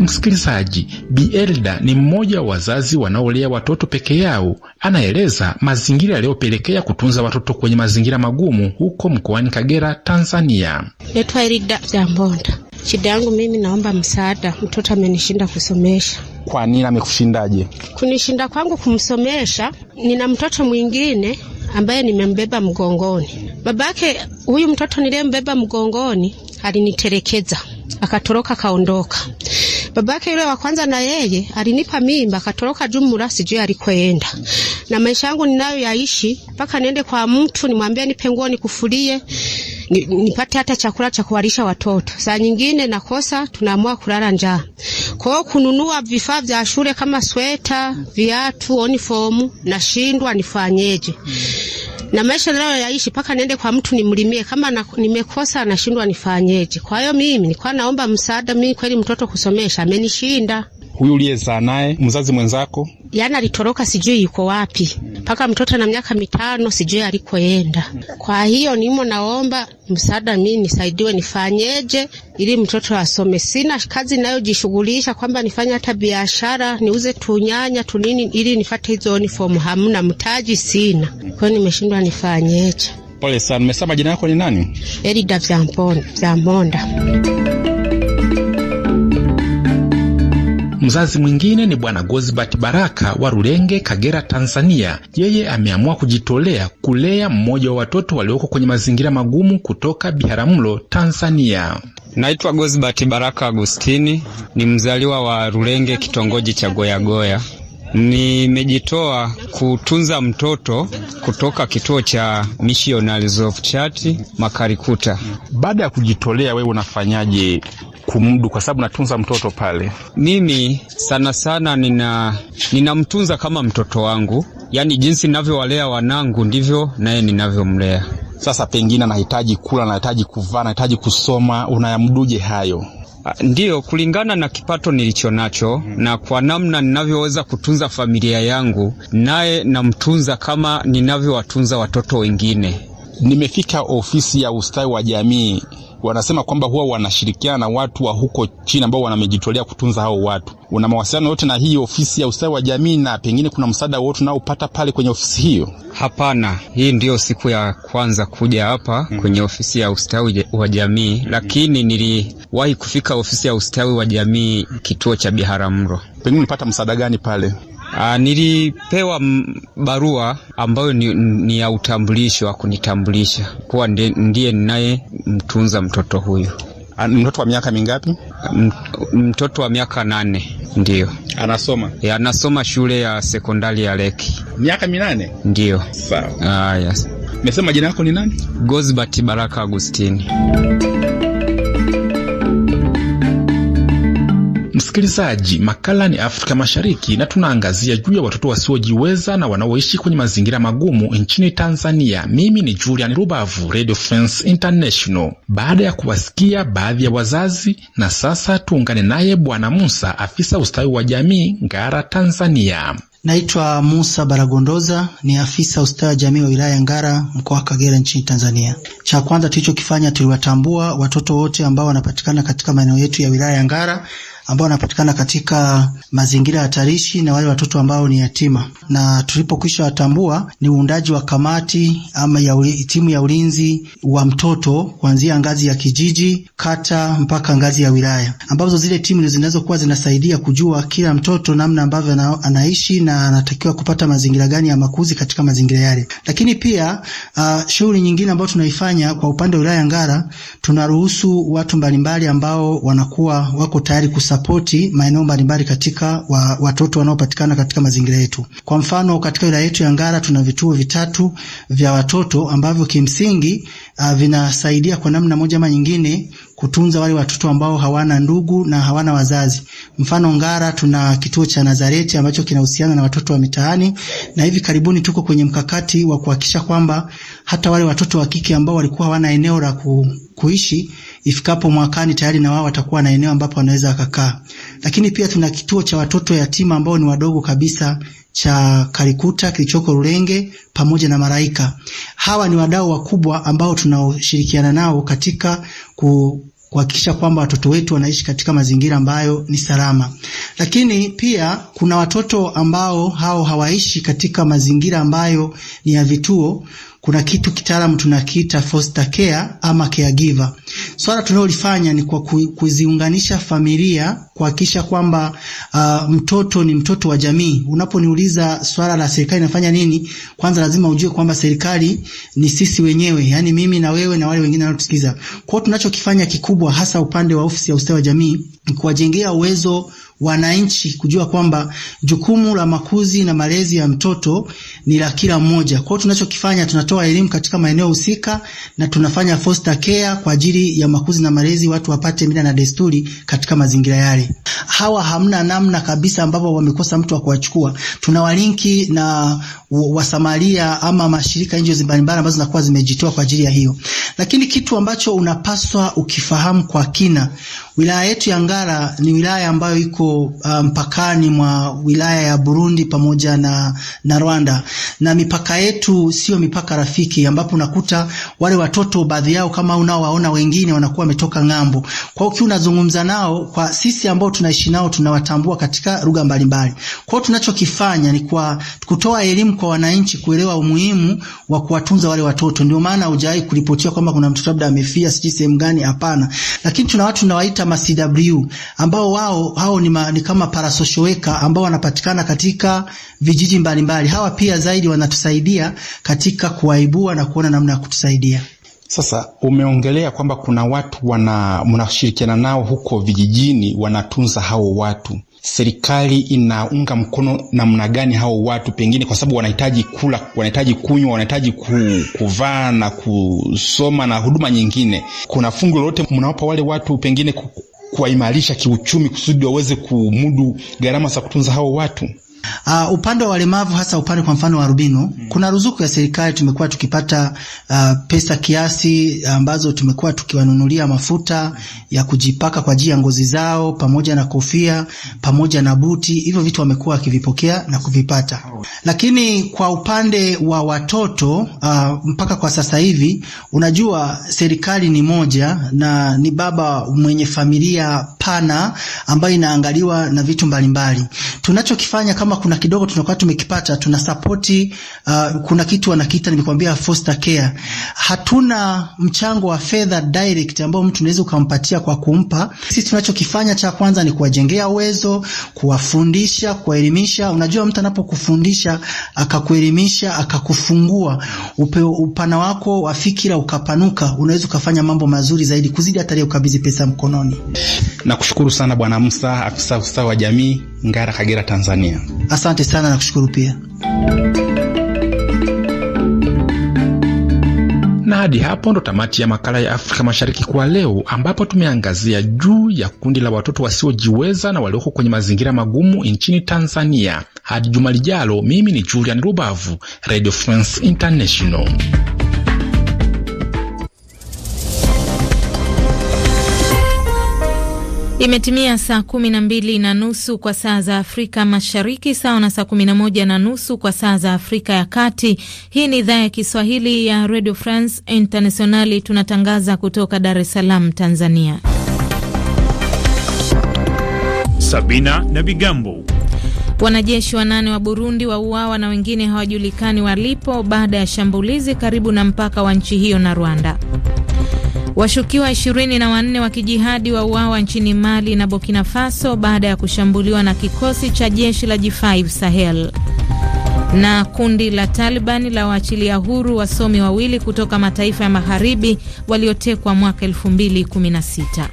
Msikilizaji, bielda ni mmoja wa wazazi wanaolea watoto peke yao. Anaeleza mazingira yaliyopelekea kutunza watoto kwenye mazingira magumu huko mkoani Kagera, Tanzania. Naitwa Elda Jambonda. Shida yangu mimi, naomba msaada. Mtoto amenishinda kusomesha. Kwa nini amekushindaje? Kunishinda kwangu kumsomesha, nina mtoto mwingine ambaye nimembeba mgongoni. Babake huyu mtoto niliyembeba mgongoni alinitelekeza, akatoroka, akaondoka. Babake yule wa kwanza na yeye alinipa mimba akatoroka jumla, sijui alikoenda. Na maisha yangu ninayo yaishi mpaka niende kwa mtu nimwambie nipe nguo nikufulie nipate hata chakula cha kuwalisha watoto. Saa nyingine nakosa, tunaamua kulala njaa. Kwa hiyo kununua vifaa vya shule kama sweta, viatu, uniform nashindwa nifanyeje? na maisha yaishi mpaka niende kwa mtu nimlimie, kama na, nimekosa nashindwa nifanyeje? Kwa hiyo mimi nilikuwa naomba msaada. Mimi kweli mtoto kusomesha amenishinda. Huyu uliyezaa naye mzazi mwenzako yani alitoroka, sijui yuko wapi mpaka mtoto na miaka mitano, sijui alikoenda. Kwa hiyo nimo naomba msaada, mi nisaidiwe, nifanyeje ili mtoto asome. Sina kazi inayojishughulisha kwamba nifanye hata biashara niuze tunyanya tunini ili nifate hizo uniform, hamna mtaji, sina. kwayo, nimeshindwa nifanyeje. Pole sana. Mmesema jina yako ni nani? Elida Vyamonda. Mzazi mwingine ni Bwana gozibati Baraka wa Rulenge, Kagera, Tanzania. Yeye ameamua kujitolea kulea mmoja wa watoto walioko kwenye mazingira magumu kutoka Biharamulo, Tanzania. Naitwa gozibat Baraka Agustini, ni mzaliwa wa Rulenge, kitongoji cha Goyagoya. Nimejitoa kutunza mtoto kutoka kituo cha Missionaries of Charity Makarikuta. Baada ya kujitolea, wewe unafanyaje kumdu kwa sababu natunza mtoto pale. Mimi sana sana nina ninamtunza kama mtoto wangu, yaani jinsi ninavyowalea wanangu ndivyo naye ninavyomlea. Sasa pengine anahitaji kula, anahitaji kuvaa, anahitaji kusoma, unayamduje hayo? Ah, Ndiyo, kulingana na kipato nilicho nacho hmm. na kwa namna ninavyoweza kutunza familia yangu, naye namtunza kama ninavyowatunza watoto wengine. Nimefika ofisi ya ustawi wa jamii wanasema kwamba huwa wanashirikiana na watu wa huko China ambao wanamejitolea kutunza hao watu. Una mawasiliano yote na hii ofisi ya ustawi wa jamii, na pengine kuna msaada wote unaopata pale kwenye ofisi hiyo? Hapana, hii ndiyo siku ya kwanza kuja hapa mm -hmm. kwenye ofisi ya ustawi wa jamii mm -hmm. lakini niliwahi kufika ofisi ya ustawi wa jamii kituo cha Biharamulo. Pengine ulipata msaada gani pale? Aa, ah, nilipewa barua ambayo ni, ni ya utambulisho wa kunitambulisha kuwa ndiye ninaye mtunza mtoto huyu. Ah, mtoto wa miaka mingapi? M, mtoto wa miaka nane. Ndio anasoma e, anasoma shule ya sekondari ya Leki. Miaka minane? Ndiyo. Sawa. Ah, yes. Mesema jina yako ni nani? gosbat Baraka Agustini. Msikilizaji, makala ni Afrika Mashariki na tunaangazia juu ya watoto wasiojiweza na wanaoishi kwenye mazingira magumu nchini Tanzania. Mimi ni Julian Rubavu, Radio France International. Baada ya kuwasikia baadhi ya wazazi, na sasa tuungane naye Bwana Musa, afisa ustawi wa jamii Ngara, Tanzania. Naitwa Musa Baragondoza, ni afisa ustawi wa jamii wa wilaya ya Ngara, mkoa wa Kagera, nchini Tanzania. Cha kwanza tulichokifanya, tuliwatambua watoto wote ambao wanapatikana katika maeneo yetu ya wilaya ya Ngara ambao wanapatikana katika mazingira hatarishi na wale watoto ambao ni yatima, na tulipokwisha watambua, ni uundaji wa kamati ama ya uli, timu ya ulinzi wa mtoto kuanzia ngazi ya kijiji, kata mpaka ngazi ya wilaya, ambazo zile timu zinazokuwa zinasaidia kujua kila mtoto namna ambavyo na, anaishi na anatakiwa kupata mazingira gani ya makuzi katika mazingira yale. Lakini pia uh, shughuli nyingine ambayo tunaifanya kwa upande wa wilaya Ngara, tunaruhusu watu mbalimbali ambao wanakuwa wako tayari kus kusapoti maeneo mbalimbali katika wa, watoto wanaopatikana katika mazingira yetu. Kwa mfano, katika wilaya yetu ya Ngara tuna vituo vitatu vya watoto ambavyo kimsingi uh, vinasaidia kwa namna moja ama nyingine kutunza wale watoto ambao hawana ndugu na hawana wazazi. Mfano, Ngara tuna kituo cha Nazareti ambacho kinahusiana na watoto wa mitaani, na hivi karibuni tuko kwenye mkakati wa kuhakikisha kwamba hata wale watoto wa kike ambao walikuwa hawana eneo la ku, kuishi ifikapo mwakani tayari na wao watakuwa na eneo ambapo wanaweza wakakaa. Lakini pia tuna kituo cha watoto yatima ambao ni wadogo kabisa cha Kalikuta kilichoko Rulenge pamoja na maraika Hawa ni wadau wakubwa ambao tunaoshirikiana nao katika ku kuhakikisha kwamba watoto wetu wanaishi katika mazingira ambayo ni salama. Lakini pia kuna watoto ambao hao hawaishi katika mazingira ambayo ni ya vituo kuna kitu kitaalamu tunakiita foster care ama caregiver. Swala tunalolifanya ni kwa kuziunganisha familia kuhakikisha kwamba uh, mtoto ni mtoto wa jamii. Unaponiuliza swala la serikali inafanya nini, kwanza lazima ujue kwamba serikali ni sisi wenyewe, yani mimi na wewe na wale wengine wanaotusikiza. Kwa hiyo tunachokifanya kikubwa, hasa upande wa ofisi ya ustawi wa jamii, ni kuwajengea uwezo wananchi kujua kwamba jukumu la makuzi na malezi ya mtoto ni la kila mmoja. Kwa hiyo tunachokifanya, tunatoa elimu katika maeneo husika na tunafanya foster care kwa ajili ya makuzi na malezi, watu wapate mila na desturi katika mazingira yale. Hawa hamna namna kabisa ambapo wamekosa mtu wa kuwachukua. Tunawalinki na wasamaria ama mashirika nje mbalimbali ambazo zinakuwa zimejitoa kwa ajili ya hiyo. Lakini kitu ambacho unapaswa ukifahamu kwa kina, wilaya yetu ya Ngara ni wilaya ambayo iko uh, mpakani um, mwa wilaya ya Burundi pamoja na, na Rwanda na mipaka yetu sio mipaka rafiki, ambapo unakuta wale watoto baadhi yao kama unaowaona wengine wanakuwa wametoka ng'ambo. Kwa hiyo unazungumza nao, kwa sisi ambao tunaishi nao tunawatambua katika lugha mbalimbali. Kwa hiyo tunachokifanya ni kwa kutoa elimu kwa wananchi kuelewa umuhimu wa kuwatunza wale watoto. Ndio maana hujawahi kuripotiwa kwamba kuna mtoto labda amefia sijui sehemu gani, hapana. Lakini tuna watu tunawaita ma CW ambao wao hao ni, ma, ni kama parasocial worker ambao wanapatikana katika vijiji mbalimbali mbali. Hawa pia zaidi wanatusaidia katika kuwaibua na kuona namna ya kutusaidia. Sasa umeongelea kwamba kuna watu wana mnashirikiana nao huko vijijini, wanatunza hao watu. Serikali inaunga mkono namna gani hao watu, pengine kwa sababu wanahitaji kula, wanahitaji kunywa, wanahitaji ku, kuvaa na kusoma na huduma nyingine? Kuna fungu lolote mnawapa wale watu pengine kuwaimarisha kiuchumi kusudi waweze kumudu gharama za kutunza hao watu? Uh, upande wa walemavu hasa upande kwa mfano wa rubino hmm. Kuna ruzuku ya serikali tumekuwa tukipata uh, pesa kiasi ambazo tumekuwa tukiwanunulia mafuta hmm. ya kujipaka kwa ajili ya ngozi zao pamoja na kofia pamoja na buti, hivyo vitu wamekuwa wakivipokea na kuvipata. Oh. Lakini kwa upande wa watoto uh, mpaka kwa sasa hivi unajua serikali ni moja na ni baba mwenye familia pana ambayo inaangaliwa na vitu mbalimbali tunachokifanya kama kama kuna kidogo tunakuwa tumekipata tuna sapoti uh, kuna kitu wanakiita nimekwambia foster care. Hatuna mchango wa fedha direct ambao mtu unaweza ukampatia kwa kumpa. Sisi tunachokifanya cha kwanza ni kuwajengea uwezo, kuwafundisha, kuwaelimisha. Unajua, mtu anapokufundisha akakuelimisha, akakufungua upeo, upana wako wa fikira ukapanuka, unaweza ukafanya mambo mazuri zaidi kuzidi hata ile ukabidhi pesa mkononi. Nakushukuru sana Bwana Musa, afisa ustawi wa jamii Ngara, Kagera, Tanzania. Asante sana na kushukuru pia. Na hadi hapo ndo tamati ya makala ya Afrika Mashariki kwa leo, ambapo tumeangazia juu ya kundi la watoto wasiojiweza na walioko kwenye mazingira magumu nchini Tanzania. Hadi juma lijalo, mimi ni Julian Rubavu, Radio France International. Imetimia saa kumi na mbili na nusu kwa saa za Afrika Mashariki, sawa na saa kumi na moja na nusu kwa saa za Afrika ya Kati. Hii ni idhaa ya Kiswahili ya Radio France Internationali, tunatangaza kutoka Dar es Salaam, Tanzania. Sabina na Bigambo. Wanajeshi wanane wa Burundi wauawa na wengine hawajulikani walipo baada ya shambulizi karibu na mpaka wa nchi hiyo na Rwanda. Washukiwa ishirini na wanne wa kijihadi uawa nchini Mali na Burkina Faso baada ya kushambuliwa na kikosi cha jeshi la G5 Sahel. Na kundi la Taliban la waachilia huru wasomi wawili kutoka mataifa ya magharibi waliotekwa mwaka 2016.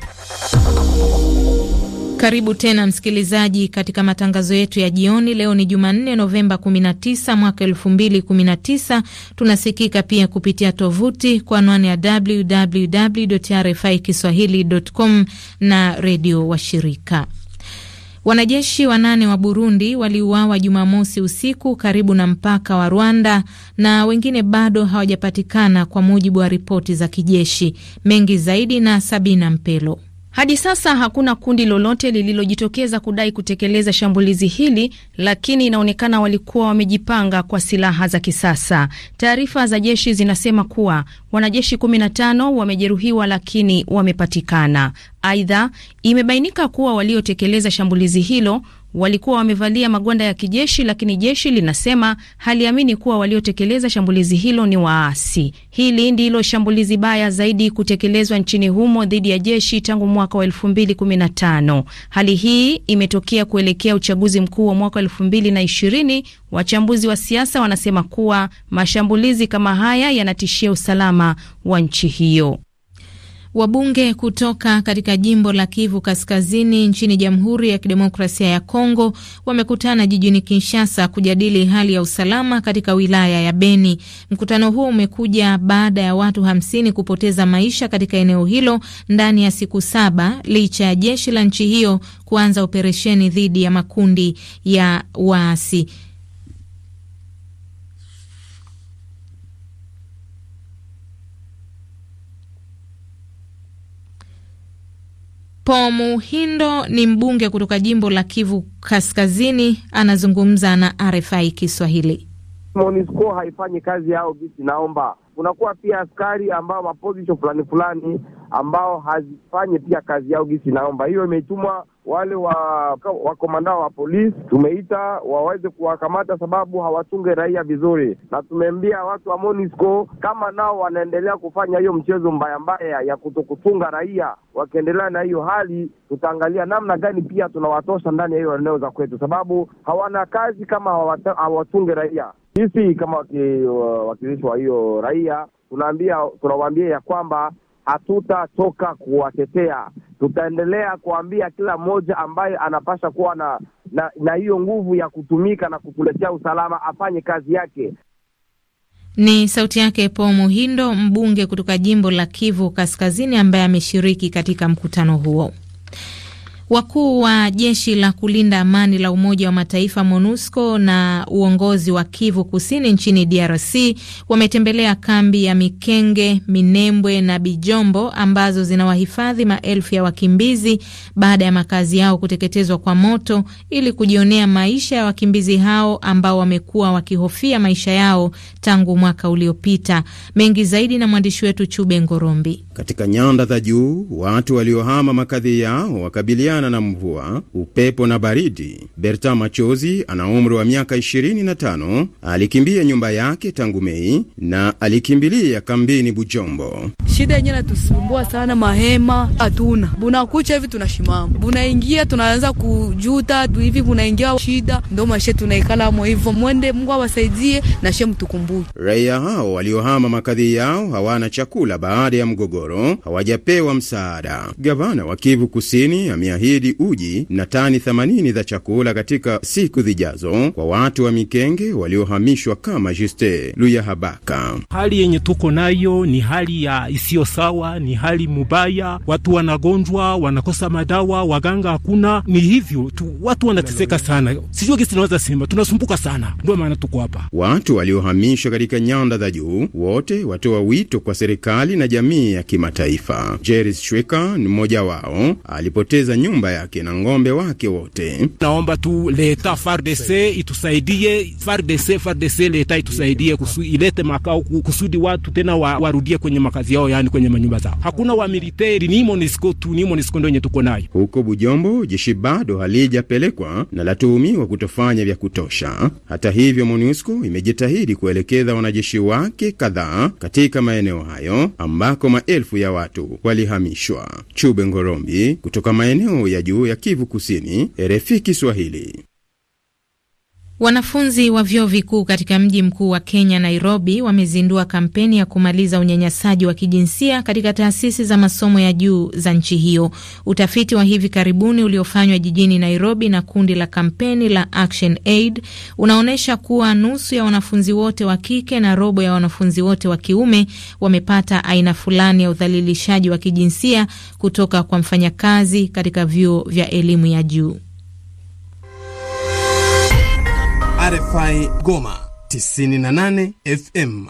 Karibu tena msikilizaji, katika matangazo yetu ya jioni. Leo ni Jumanne, Novemba 19 mwaka 2019. Tunasikika pia kupitia tovuti kwa anwani ya www RFI kiswahilicom na redio washirika. Wanajeshi wanane wa Burundi waliuawa Jumamosi usiku karibu na mpaka wa Rwanda na wengine bado hawajapatikana kwa mujibu wa ripoti za kijeshi. Mengi zaidi na Sabina Mpelo. Hadi sasa hakuna kundi lolote lililojitokeza kudai kutekeleza shambulizi hili, lakini inaonekana walikuwa wamejipanga kwa silaha za kisasa. Taarifa za jeshi zinasema kuwa wanajeshi 15 wamejeruhiwa lakini wamepatikana. Aidha, imebainika kuwa waliotekeleza shambulizi hilo walikuwa wamevalia magwanda ya kijeshi, lakini jeshi linasema haliamini kuwa waliotekeleza shambulizi hilo ni waasi. Hili ndilo shambulizi baya zaidi kutekelezwa nchini humo dhidi ya jeshi tangu mwaka wa 2015. Hali hii imetokea kuelekea uchaguzi mkuu wa mwaka 2020. Wachambuzi wa siasa wanasema kuwa mashambulizi kama haya yanatishia usalama wa nchi hiyo. Wabunge kutoka katika jimbo la Kivu Kaskazini nchini Jamhuri ya Kidemokrasia ya Kongo wamekutana jijini Kinshasa kujadili hali ya usalama katika wilaya ya Beni. Mkutano huo umekuja baada ya watu hamsini kupoteza maisha katika eneo hilo ndani ya siku saba licha ya jeshi la nchi hiyo kuanza operesheni dhidi ya makundi ya waasi. Pomuhindo ni mbunge kutoka jimbo la Kivu Kaskazini, anazungumza na RFI Kiswahili. MONUSCO haifanyi kazi yao bisi, naomba kunakuwa pia askari ambao maposition fulani fulani ambao hazifanye pia kazi yao gisi. Naomba hiyo imetumwa wale wakomanda wa, polisi tumeita waweze kuwakamata, sababu hawatunge raia vizuri, na tumeambia watu wa Monisco kama nao wanaendelea kufanya hiyo mchezo mbaya mbaya ya kutokutunga raia, wakiendelea na hiyo hali, tutaangalia namna gani pia tunawatosha ndani ya hiyo eneo za kwetu, sababu hawana kazi kama hawatunge raia. Sisi kama wakilishi wa hiyo raia tunaambia tunawaambia ya kwamba hatutatoka kuwatetea, tutaendelea kuambia kila mmoja ambaye anapasha kuwa na na hiyo nguvu ya kutumika na kutuletea usalama afanye kazi yake. Ni sauti yake po Muhindo, mbunge kutoka jimbo la Kivu Kaskazini, ambaye ameshiriki katika mkutano huo. Wakuu wa jeshi la kulinda amani la Umoja wa Mataifa MONUSCO na uongozi wa Kivu Kusini nchini DRC wametembelea kambi ya Mikenge, Minembwe na Bijombo ambazo zinawahifadhi maelfu ya wakimbizi baada ya makazi yao kuteketezwa kwa moto ili kujionea maisha ya wakimbizi hao ambao wamekuwa wakihofia maisha yao tangu mwaka uliopita. Mengi zaidi na mwandishi wetu Chube Ngorombi. Katika nyanda za juu watu waliohama makazi yao wakabilia kukabiliana na mvua, upepo na baridi. Bertrand Machozi ana umri wa miaka 25, alikimbia nyumba yake tangu Mei na alikimbilia kambini Bujombo. Shida yenyewe natusumbua sana, mahema hatuna, bunakucha hivi tunashimama, bunaingia tunaanza kujuta hivi, bunaingia shida, ndo maisha tunaikalamo hivo. Mwende Mungu awasaidie na she mtukumbuke. Raia hao waliohama makadhi yao hawana chakula baada ya mgogoro, hawajapewa msaada. Gavana wa Kivu Kusini amia hadi uji na tani 80 za chakula katika siku zijazo kwa watu wa Mikenge waliohamishwa kama Juste Luya Habaka. Hali yenye tuko nayo ni hali ya isiyo sawa, ni hali mubaya, watu wanagonjwa, wanakosa madawa, waganga hakuna. Ni hivyo tu, watu wanateseka sana, sijui kisi tunaweza sema, tunasumbuka sana, ndio maana tuko hapa. Watu waliohamishwa katika nyanda za juu wote watoa wito kwa serikali na jamii ya kimataifa. Jeris Shweka ni mmoja wao, alipoteza nyumba nyumba yake na ng'ombe wake wote. Naomba tu leta FARDC itusaidie, FARDC, FARDC leta itusaidie kusu, ilete makao kusudi watu tena wa, warudie kwenye makazi yao, yani kwenye manyumba zao. Hakuna wa militeri, ni MONUSCO tu, ni MONUSCO ndio yenye tuko nayo huko Bujombo. Jeshi bado halijapelekwa na latuhumiwa kutofanya vya kutosha. Hata hivyo, MONUSCO imejitahidi kuelekeza wanajeshi wake kadhaa katika maeneo hayo ambako maelfu ya watu walihamishwa. Chube Ngorombi kutoka maeneo ya juu ya Kivu Kusini, RFI Kiswahili. Wanafunzi wa vyuo vikuu katika mji mkuu wa Kenya, Nairobi, wamezindua kampeni ya kumaliza unyanyasaji wa kijinsia katika taasisi za masomo ya juu za nchi hiyo. Utafiti wa hivi karibuni uliofanywa jijini Nairobi na kundi la kampeni la Action Aid unaonyesha kuwa nusu ya wanafunzi wote wa kike na robo ya wanafunzi wote wa kiume wamepata aina fulani ya udhalilishaji wa kijinsia kutoka kwa mfanyakazi katika vyuo vya elimu ya juu. RFI Goma 98 FM.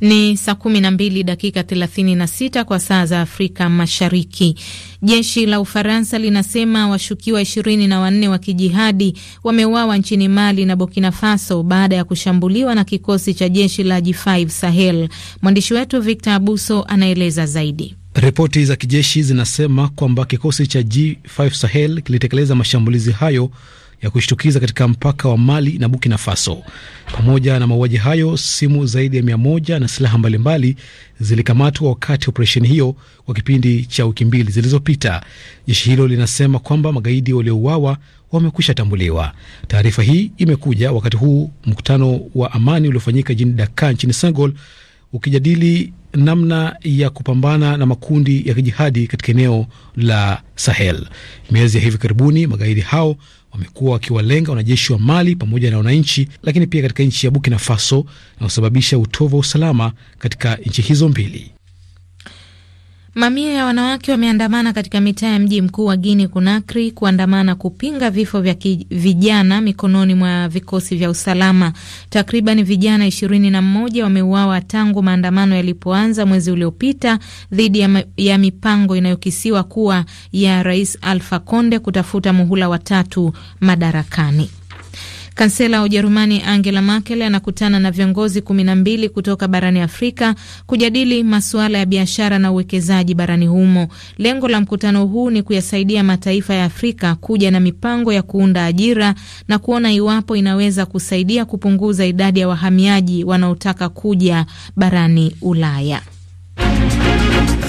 Ni saa 12 dakika 36 kwa saa za Afrika Mashariki. Jeshi la Ufaransa linasema washukiwa ishirini na wanne wa kijihadi wameuawa nchini Mali na Burkina Faso baada ya kushambuliwa na kikosi cha jeshi la G5 Sahel. Mwandishi wetu Victor Abuso anaeleza zaidi. Ripoti za kijeshi zinasema kwamba kikosi cha G5 Sahel kilitekeleza mashambulizi hayo ya kushtukiza katika mpaka wa Mali na Burkina Faso. Pamoja na mauaji hayo, simu zaidi ya mia moja na silaha mbalimbali zilikamatwa wakati operesheni hiyo kwa kipindi cha wiki mbili zilizopita. Jeshi hilo linasema kwamba magaidi waliouawa wamekwisha tambuliwa. Taarifa hii imekuja wakati huu mkutano wa amani uliofanyika jijini Dakar nchini Senegal ukijadili namna ya kupambana na makundi ya kijihadi katika eneo la Sahel. Miezi ya hivi karibuni magaidi hao wamekuwa wakiwalenga wanajeshi wa Mali pamoja na wananchi, lakini pia katika nchi ya Burkina Faso na kusababisha utovu wa usalama katika nchi hizo mbili. Mamia ya wanawake wameandamana katika mitaa ya mji mkuu wa Guinea Conakry kuandamana kupinga vifo vya vijana mikononi mwa vikosi vya usalama. Takriban vijana ishirini na mmoja wameuawa tangu maandamano yalipoanza mwezi uliopita dhidi ya, ya mipango inayokisiwa kuwa ya Rais Alpha Conde kutafuta muhula watatu madarakani. Kansela wa Ujerumani Angela Merkel anakutana na viongozi kumi na mbili kutoka barani Afrika kujadili masuala ya biashara na uwekezaji barani humo. Lengo la mkutano huu ni kuyasaidia mataifa ya Afrika kuja na mipango ya kuunda ajira na kuona iwapo inaweza kusaidia kupunguza idadi ya wahamiaji wanaotaka kuja barani Ulaya.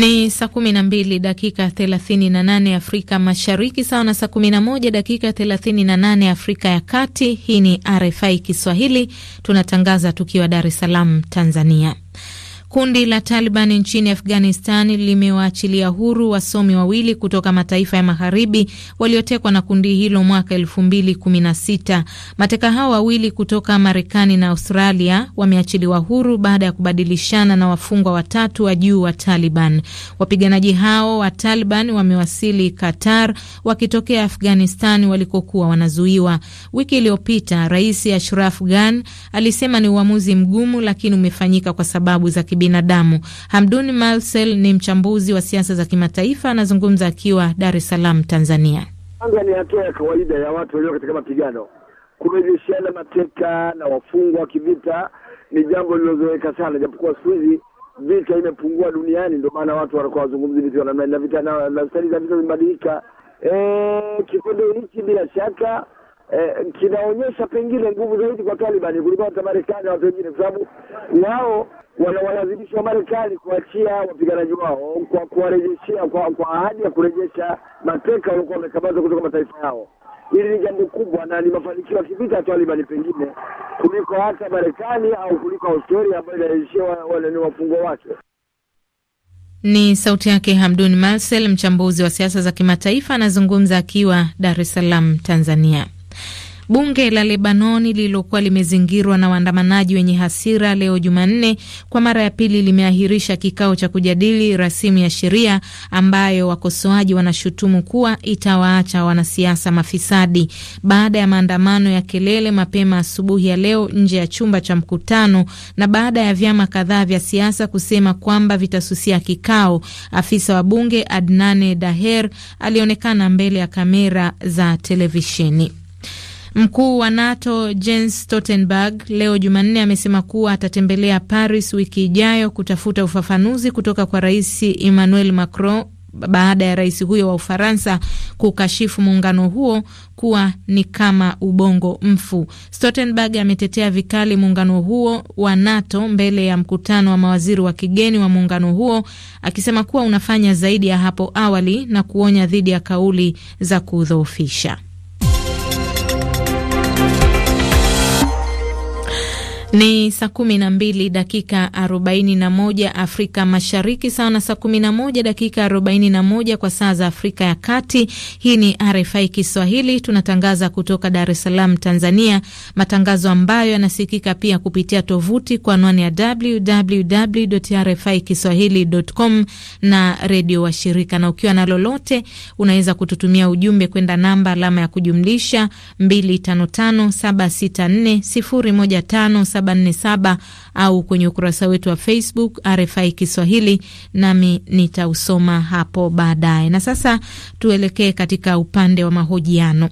Ni saa kumi na mbili dakika thelathini na nane Afrika Mashariki, sawa na saa kumi na moja dakika thelathini na nane Afrika ya Kati. Hii ni RFI Kiswahili, tunatangaza tukiwa Dar es Salaam, Tanzania. Kundi la Taliban nchini Afghanistan limewaachilia huru wasomi wawili kutoka mataifa ya magharibi waliotekwa na kundi hilo mwaka elfu mbili kumi na sita. Mateka hao wawili kutoka Marekani na Australia wameachiliwa huru baada ya kubadilishana na wafungwa watatu wa juu wa Taliban. Wapiganaji hao wa Taliban wamewasili Qatar wakitokea Afghanistan walikokuwa wanazuiwa. Wiki iliyopita Rais Ashraf Ghani alisema ni uamuzi mgumu, lakini umefanyika kwa sababu za kibi binadamu. Hamduni Malsel ni mchambuzi wa siasa za kimataifa, anazungumza akiwa Dar es Salaam, Tanzania. Kwanza ni hatua ya kawaida ya watu walio katika mapigano kurejeshiana mateka na wafungwa wa kivita ni jambo lililozoeleka sana, japokuwa siku hizi vita imepungua duniani, ndio maana watu wanakuwa wazungumzi vitu na vita na stari za vita zimebadilika. E, kikundi hichi bila shaka eh, kinaonyesha pengine nguvu zaidi kwa Taliban kuliko hata Marekani na watu wengine, kwa sababu wao wanawalazimisha Marekani kuachia wapiganaji wao kwa kuwarejeshia kwa, kwa ahadi ya kurejesha mateka waliokuwa wamekamata kutoka mataifa yao. Hili ni jambo kubwa na ni mafanikio ya kivita ya Taliban pengine kuliko hata Marekani au kuliko Australia ambayo inarejeshia wale ni wafungwa wake. Ni sauti yake Hamdun Marcel, mchambuzi wa siasa za kimataifa, anazungumza akiwa Dar es Salaam, Tanzania. Bunge la Lebanoni lililokuwa limezingirwa na waandamanaji wenye hasira leo Jumanne kwa mara ya pili limeahirisha kikao cha kujadili rasimu ya sheria ambayo wakosoaji wanashutumu kuwa itawaacha wanasiasa mafisadi. Baada ya maandamano ya kelele mapema asubuhi ya leo nje ya chumba cha mkutano na baada ya vyama kadhaa vya siasa kusema kwamba vitasusia kikao, afisa wa bunge Adnane Daher alionekana mbele ya kamera za televisheni. Mkuu wa NATO Jens Stoltenberg leo Jumanne amesema kuwa atatembelea Paris wiki ijayo kutafuta ufafanuzi kutoka kwa Rais Emmanuel Macron baada ya rais huyo wa Ufaransa kukashifu muungano huo kuwa ni kama ubongo mfu. Stoltenberg ametetea vikali muungano huo wa NATO mbele ya mkutano wa mawaziri wa kigeni wa muungano huo, akisema kuwa unafanya zaidi ya hapo awali na kuonya dhidi ya kauli za kudhoofisha. Ni saa kumi na mbili dakika arobaini na moja Afrika Mashariki, sawa na saa kumi na moja dakika arobaini na moja kwa saa za Afrika ya Kati. Hii ni RFI Kiswahili, tunatangaza kutoka Dar es Salaam, Tanzania, matangazo ambayo yanasikika pia kupitia tovuti kwa anwani ya www RFI kiswahilicom na redio washirika. Na ukiwa na lolote, unaweza kututumia ujumbe kwenda namba alama ya kujumlisha 255 747 au kwenye ukurasa wetu wa Facebook RFI Kiswahili, nami nitausoma hapo baadaye. Na sasa tuelekee katika upande wa mahojiano.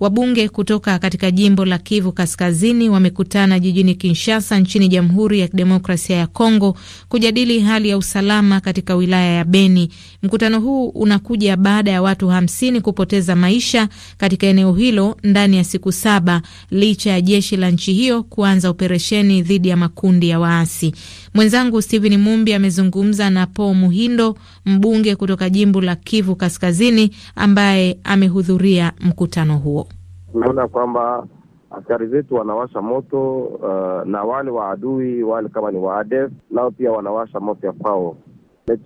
Wabunge kutoka katika jimbo la Kivu Kaskazini wamekutana jijini Kinshasa nchini Jamhuri ya Kidemokrasia ya Kongo kujadili hali ya usalama katika wilaya ya Beni. Mkutano huu unakuja baada ya watu hamsini kupoteza maisha katika eneo hilo ndani ya siku saba licha ya jeshi la nchi hiyo kuanza operesheni dhidi ya makundi makundi ya waasi. Mwenzangu Stephen Mumbi amezungumza na Paul Muhindo, mbunge kutoka jimbo la Kivu Kaskazini, ambaye amehudhuria mkutano huo. Tumeona kwamba askari zetu wanawasha moto uh, na wale wa adui wale kama ni waadef nao pia wanawasha moto ya kwao.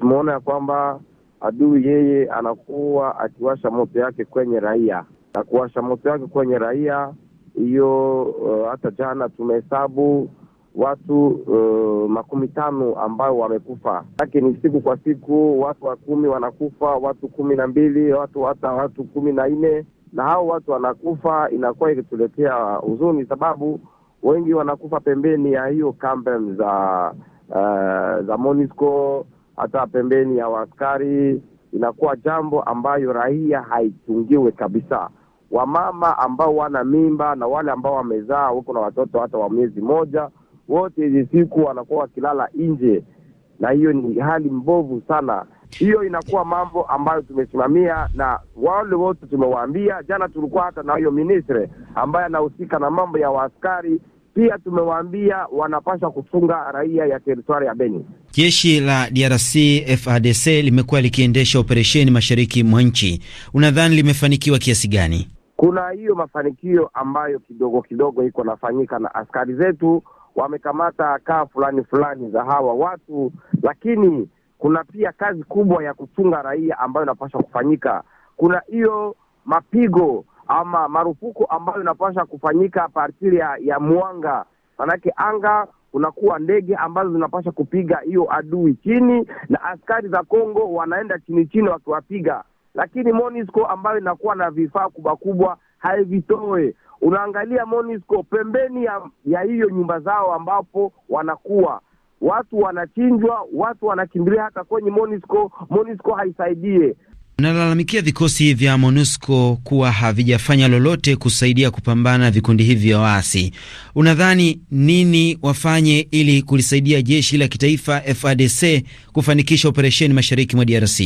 Tumeona ya kwamba adui yeye anakuwa akiwasha moto yake kwenye raia na kuwasha moto yake kwenye raia hiyo. Uh, hata jana tumehesabu watu uh, makumi tano ambao wamekufa, lakini siku kwa siku watu wa kumi wanakufa, watu kumi na mbili, watu hata watu kumi na nne, na hao watu wanakufa, inakuwa ikituletea huzuni, sababu wengi wanakufa pembeni ya hiyo kambi za uh, za MONUSCO hata pembeni ya waskari. Inakuwa jambo ambayo raia haichungiwe kabisa. Wamama ambao wana mimba na wale ambao wamezaa huko na watoto hata wa miezi moja wote hizi siku wanakuwa wakilala nje, na hiyo ni hali mbovu sana. Hiyo inakuwa mambo ambayo tumesimamia na wale wote tumewaambia. Jana tulikuwa hata na hiyo ministre ambaye anahusika na mambo ya waaskari pia tumewaambia wanapaswa kufunga raia ya teritwari ya Beni. Jeshi la DRC FARDC limekuwa likiendesha operesheni mashariki mwa nchi, unadhani limefanikiwa kiasi gani? Kuna hiyo mafanikio ambayo kidogo kidogo iko nafanyika na askari zetu wamekamata kaa fulani fulani za hawa watu, lakini kuna pia kazi kubwa ya kuchunga raia ambayo inapaswa kufanyika. Kuna hiyo mapigo ama marufuku ambayo inapaswa kufanyika partiri ya, ya mwanga, manake anga kunakuwa ndege ambazo zinapaswa kupiga hiyo adui chini, na askari za Kongo wanaenda chini chini wakiwapiga, lakini MONUSCO ambayo inakuwa na vifaa kubwa kubwa haivitoe unaangalia Monisco pembeni ya, ya hiyo nyumba zao ambapo wanakuwa watu wanachinjwa, watu wanakimbilia hata kwenye Monisco. Monisco haisaidie. Nalalamikia vikosi vya MONUSCO kuwa havijafanya lolote kusaidia kupambana vikundi hivi vya waasi. Unadhani nini wafanye ili kulisaidia jeshi la kitaifa FARDC kufanikisha operesheni mashariki mwa DRC?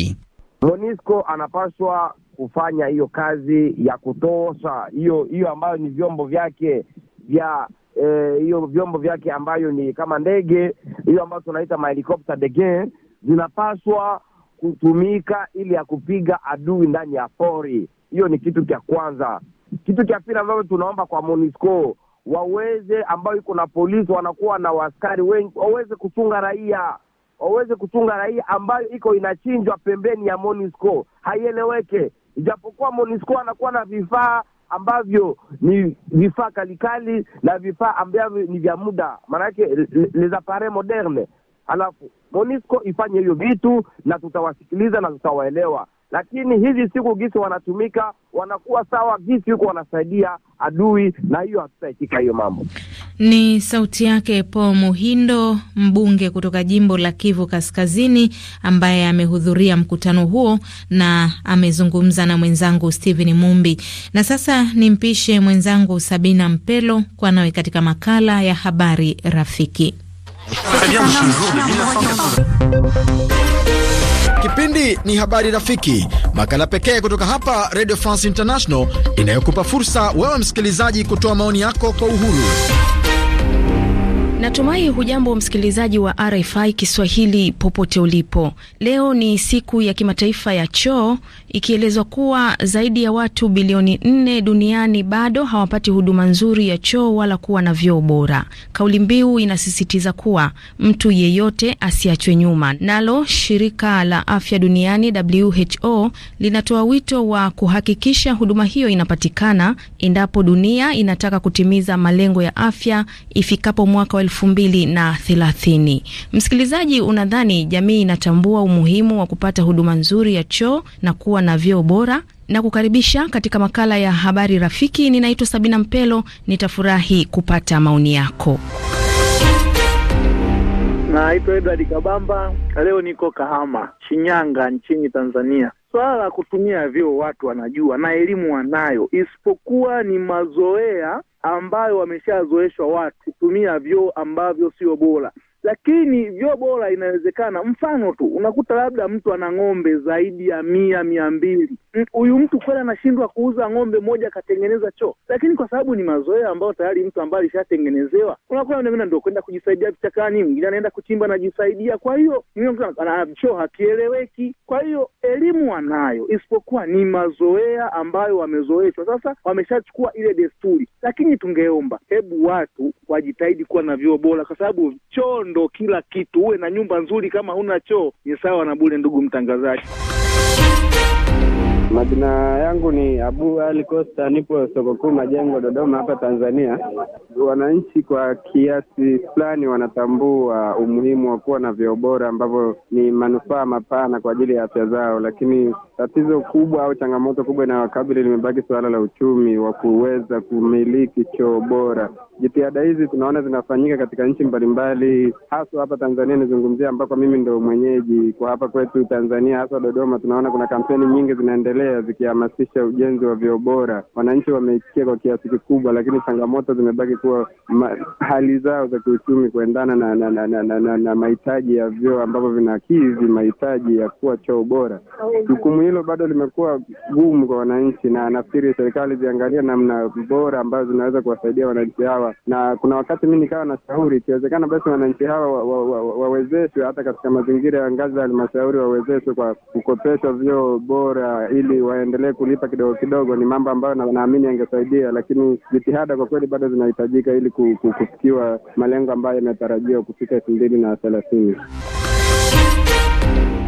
Monisco anapaswa kufanya hiyo kazi ya kutosha, hiyo hiyo ambayo ni vyombo vyake vya eh, hiyo e, vyombo vyake ambayo ni kama ndege hiyo ambayo tunaita mahelikopta dege zinapaswa kutumika ili ya kupiga adui ndani ya pori. Hiyo ni kitu cha kwanza. Kitu cha pili ambavyo tunaomba kwa Monisco waweze, ambayo iko na polisi wanakuwa na waskari wengi, waweze kuchunga raia waweze kuchunga raia ambayo iko inachinjwa pembeni ya Monisco. Haieleweke, ijapokuwa Monisco anakuwa na vifaa ambavyo ni vifaa kalikali na vifaa ambavyo ni vya muda, maanake les appareils moderne. Alafu Monisco ifanye hiyo vitu, na tutawasikiliza na tutawaelewa, lakini hizi siku gisi wanatumika wanakuwa sawa gisi huko wanasaidia adui, na hiyo hatutaitika hiyo mambo. Ni sauti yake Paul Muhindo, mbunge kutoka jimbo la Kivu Kaskazini, ambaye amehudhuria mkutano huo na amezungumza na mwenzangu stehen Mumbi. Na sasa nimpishe mwenzangu Sabina Mpelo kwa nawe katika makala ya habari rafiki Kipindi ni habari rafiki, makala pekee kutoka hapa Radio France International inayokupa fursa wewe msikilizaji kutoa maoni yako kwa uhuru. Natumai hujambo msikilizaji wa RFI Kiswahili popote ulipo. Leo ni siku ya kimataifa ya choo ikielezwa kuwa zaidi ya watu bilioni nne duniani bado hawapati huduma nzuri ya choo wala kuwa na vyoo bora. Kauli mbiu inasisitiza kuwa mtu yeyote asiachwe nyuma. Nalo shirika la afya duniani WHO linatoa wito wa kuhakikisha huduma hiyo inapatikana endapo dunia inataka kutimiza malengo ya afya ifikapo mwaka wa elfu mbili na thelathini. Msikilizaji, unadhani jamii inatambua umuhimu wa kupata huduma nzuri ya choo na kuwa kuwa na vyeo bora na kukaribisha katika makala ya habari rafiki. Ninaitwa Sabina Mpelo, nitafurahi kupata maoni yako. Naitwa Edward Kabamba, leo niko Kahama, Shinyanga nchini Tanzania. Swala la kutumia vyeo watu wanajua na elimu wanayo, isipokuwa ni mazoea ambayo wameshazoeshwa watu kutumia vyoo ambavyo sio bora lakini vyoo bora inawezekana. Mfano tu unakuta labda mtu ana ng'ombe zaidi ya mia mia mbili, huyu mtu kweli anashindwa kuuza ng'ombe moja akatengeneza choo, lakini kwa sababu ni mazoea ambayo tayari mtu ambaye alishatengenezewa, unakuta mwingine ndio kwenda kujisaidia vichakani, mwingine anaenda kuchimba anajisaidia. Kwa hiyo choo hakieleweki. Kwa hiyo elimu wanayo, isipokuwa ni mazoea ambayo wamezoeshwa, sasa wameshachukua ile desturi. Lakini tungeomba hebu watu wajitahidi kuwa na vyoo bora, kwa sababu choo ndo kila kitu. Uwe na nyumba nzuri, kama huna choo ni sawa na bule ndugu mtangazaji. Majina yangu ni Abu Ali Costa, nipo soko kuu Majengo, Dodoma hapa Tanzania. Wananchi kwa kiasi fulani wanatambua umuhimu wa kuwa na vyoo bora ambavyo ni manufaa mapana kwa ajili ya afya zao, lakini tatizo kubwa au changamoto kubwa inayowakabili limebaki suala la uchumi wa kuweza kumiliki choo bora. Jitihada hizi tunaona zinafanyika katika nchi mbalimbali, haswa hapa Tanzania nizungumzia, ambako mimi ndo mwenyeji. Kwa hapa kwetu Tanzania, haswa Dodoma, tunaona kuna kampeni nyingi zinaendelea zinaendelea zikihamasisha ujenzi wa vyoo bora. Wananchi wameitikia kwa kiasi kikubwa, lakini changamoto zimebaki kuwa hali zao za kiuchumi kuendana na, na, na, na, na, na, na mahitaji ya vyoo ambavyo vinakidhi mahitaji ya kuwa choo bora. Jukumu hilo bado limekuwa gumu kwa wananchi, na nafikiri serikali ziangalia namna bora ambazo zinaweza kuwasaidia wananchi hawa, na kuna wakati mi nikawa na shauri, ikiwezekana basi wananchi hawa wawezeshwe wa, wa, wa, hata katika mazingira ya ngazi ya halmashauri wawezeshwe kwa kukopeshwa vyoo bora ili ili waendelee kulipa kidogo kidogo. Ni mambo ambayo naamini yangesaidia, lakini jitihada kwa kweli bado zinahitajika ili kufikiwa malengo ambayo yametarajiwa kufika elfu mbili na thelathini.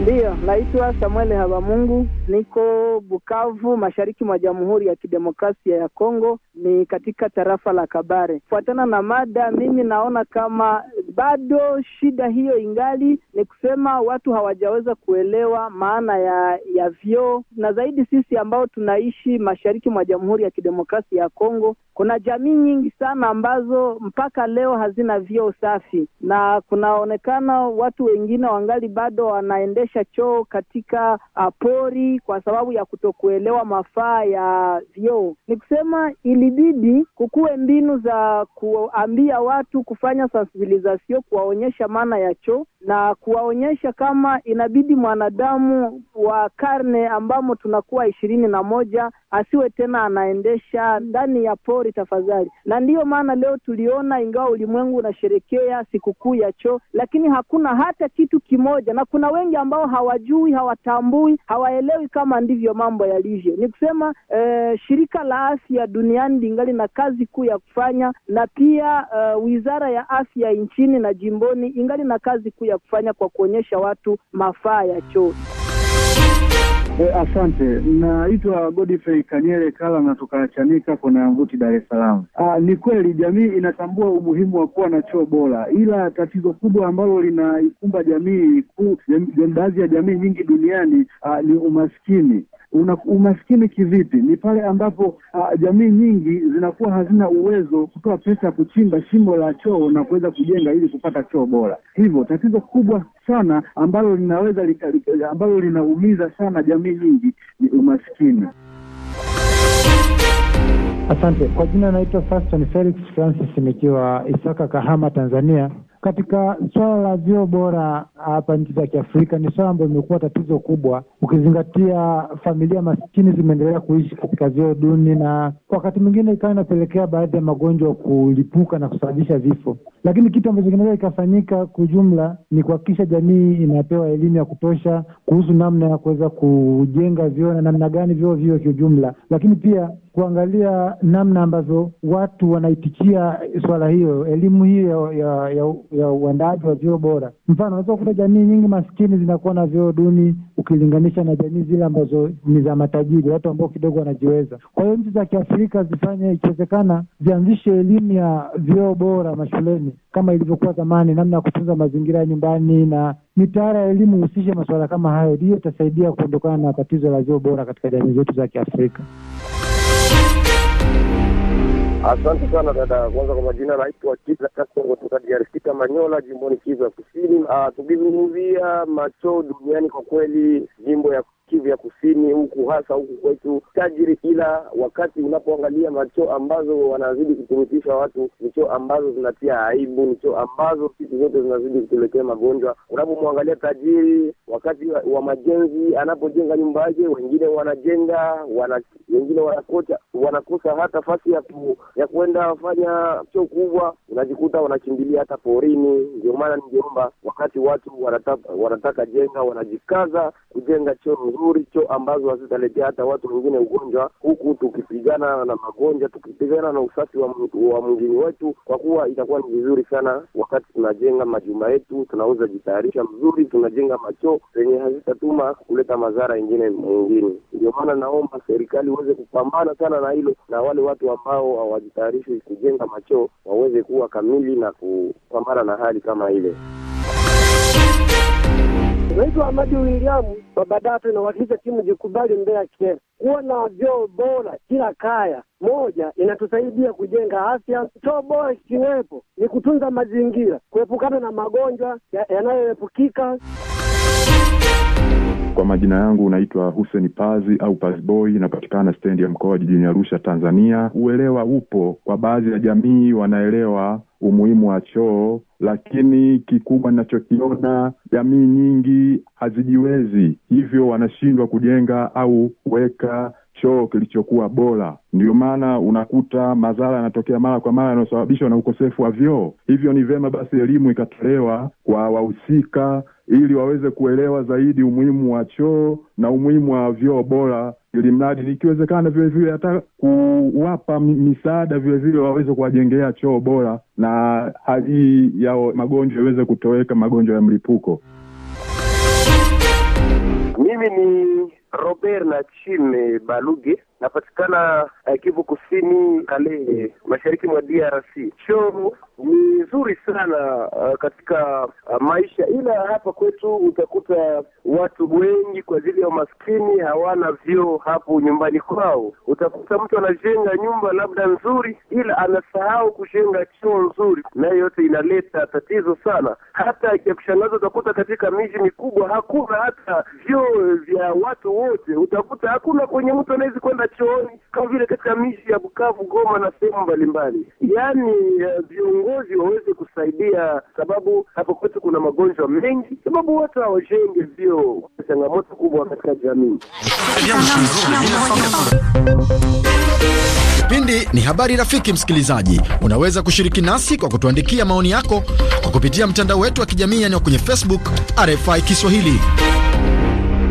Ndiyo, naitwa Samuel Habamungu, niko Bukavu, mashariki mwa Jamhuri ya Kidemokrasia ya Kongo, ni katika tarafa la Kabare. Kufuatana na mada, mimi naona kama bado shida hiyo ingali, ni kusema watu hawajaweza kuelewa maana ya ya vyoo, na zaidi sisi ambao tunaishi mashariki mwa Jamhuri ya Kidemokrasia ya Kongo, kuna jamii nyingi sana ambazo mpaka leo hazina vyoo safi, na kunaonekana watu wengine wangali bado wanaendesha kuendesha choo katika uh, pori kwa sababu ya kutokuelewa mafaa ya vyoo. Ni kusema ilibidi kukuwe mbinu za kuambia watu kufanya sensibilizasio, kuwaonyesha maana ya choo na kuwaonyesha kama inabidi mwanadamu wa karne ambamo tunakuwa ishirini na moja asiwe tena anaendesha ndani ya pori tafadhali. Na ndiyo maana leo tuliona, ingawa ulimwengu unasherekea sikukuu ya choo, lakini hakuna hata kitu kimoja, na kuna wengi ambao wao hawajui, hawatambui, hawaelewi kama ndivyo mambo yalivyo. Ni kusema e, shirika la afya duniani lingali na kazi kuu ya kufanya, na pia e, wizara ya afya nchini na jimboni ingali na kazi kuu ya kufanya kwa kuonyesha watu mafaa ya choo. E, asante. Naitwa Godfrey kanyere Kala, natoka Chanika kuna Mvuti, Dar es Salaam. Ah, ni kweli jamii inatambua umuhimu wa kuwa na choo bora, ila tatizo kubwa ambalo linaikumba jamii kuu, baadhi ya jamii nyingi duniani aa, ah, ni umaskini. Una umaskini kivipi? Ni pale ambapo uh, jamii nyingi zinakuwa hazina uwezo kutoa pesa ya kuchimba shimo la choo na kuweza kujenga ili kupata choo bora. Hivyo tatizo kubwa sana ambalo linaweza lika, lika, ambalo linaumiza sana jamii nyingi ni umaskini. Asante. Kwa jina naitwa Faston Felix Francis, nikiwa Isaka, Kahama, Tanzania katika swala la vyoo bora hapa nchi za Kiafrika ni swala ambayo imekuwa tatizo kubwa, ukizingatia familia maskini zimeendelea kuishi katika vyoo duni, na wakati mwingine ikawa inapelekea baadhi ya magonjwa kulipuka na kusababisha vifo. Lakini kitu ambacho kinaweza kikafanyika kwa ujumla ni kuhakikisha jamii inapewa elimu ya kutosha kuhusu namna ya kuweza kujenga vyoo na namna gani vyoo vio kiujumla, lakini pia kuangalia namna ambazo watu wanaitikia swala hiyo, elimu hiyo ya ya, ya uandaaji wa vyoo bora. Mfano, unaweza kukuta jamii nyingi maskini zinakuwa na vyoo duni ukilinganisha na jamii zile ambazo ni za matajiri, watu ambao kidogo wanajiweza. Kwa hiyo nchi za Kiafrika zifanye ikiwezekana, zianzishe elimu ya vyoo bora mashuleni kama ilivyokuwa zamani, namna ya kutunza mazingira ya nyumbani na mitaara ya elimu husishe masuala kama hayo. ndiyo itasaidia kuondokana na tatizo la vyoo bora katika jamii zetu za Kiafrika. Asante sana dada. Kwanza kwa majina, naitwa Kasongo toka DRC Kamanyola, jimboni Kivu ya Kusini. Ah, tukizungumzia machoo duniani, kwa kweli jimbo ya Kivu ya Kusini, huku hasa huku kwetu tajiri, ila wakati unapoangalia macho ambazo wanazidi kuturutisha watu, ni choo ambazo zinatia aibu, ni choo ambazo siku zote zinazidi kutuletea magonjwa. Unapomwangalia tajiri wakati wa, wa majenzi, anapojenga nyumba yake, wengine wanajenga wana, wengine wanakosa wanakosa hata fasi ya, kuenda ya fanya choo kubwa, unajikuta wanakimbilia hata porini. Ndio maana ningeomba wakati watu wanataka, wanataka jenga, wanajikaza kujenga choo nzuri cho ambazo hazitaletea hata watu wengine ugonjwa, huku tukipigana na magonjwa, tukipigana na usafi wa, wa mwingini wetu, kwa kuwa itakuwa ni vizuri sana wakati tunajenga majumba yetu, tunaweza jitayarisha mzuri, tunajenga machoo zenye hazitatuma kuleta madhara ingine mwingine. Ndio maana naomba serikali iweze kupambana sana na hilo, na wale watu ambao hawajitayarishi kujenga machoo waweze kuwa kamili na kupambana na hali kama ile. Naitwa Amadi William Babadata, inawakilisha timu Jikubali Mbeya KF. Kuwa na vyoo bora kila kaya moja inatusaidia kujenga afya. Choo bora ikiwepo ni kutunza mazingira, kuepukana na magonjwa yanayoepukika ya kwa majina yangu unaitwa Hussein Pazi au Pazboy, inapatikana stendi ya mkoa jijini Arusha, Tanzania. Uelewa upo kwa baadhi ya jamii, wanaelewa umuhimu wa choo, lakini kikubwa ninachokiona jamii nyingi hazijiwezi, hivyo wanashindwa kujenga au kuweka choo kilichokuwa bora. Ndio maana unakuta madhara yanatokea mara kwa mara yanayosababishwa na ukosefu wa vyoo. Hivyo ni vema basi elimu ikatolewa kwa wahusika ili waweze kuelewa zaidi umuhimu wa choo na umuhimu wa vyoo bora, ili mradi nikiwezekana vilevile hata kuwapa misaada vilevile waweze kuwajengea choo bora, na hali ya magonjwa iweze kutoweka, magonjwa ya mlipuko. Mimi ni Robert Nachime Baluge napatikana uh, Kivu Kusini, kale mashariki mwa DRC. Cho ni nzuri sana uh, katika uh, maisha, ila hapa kwetu utakuta watu wengi kwa ajili ya umaskini hawana vyoo hapo nyumbani kwao. Utakuta mtu anajenga nyumba labda nzuri, ila anasahau kujenga choo nzuri, nayo yote inaleta tatizo sana. Hata ya kushangaza utakuta katika miji mikubwa hakuna hata vyoo vya watu wote, utakuta hakuna kwenye mtu anawezi kwenda chooni kama vile katika miji ya Bukavu, Goma na sehemu mbalimbali. Yaani eh, viongozi waweze kusaidia, sababu hapo kwetu kuna magonjwa mengi, sababu watu hawajenge, vio changamoto kubwa katika jamii. Kipindi ni habari rafiki. Msikilizaji, unaweza kushiriki nasi kwa kutuandikia maoni yako kwa kupitia mtandao wetu wa kijamii, yani kwenye Facebook RFI Kiswahili.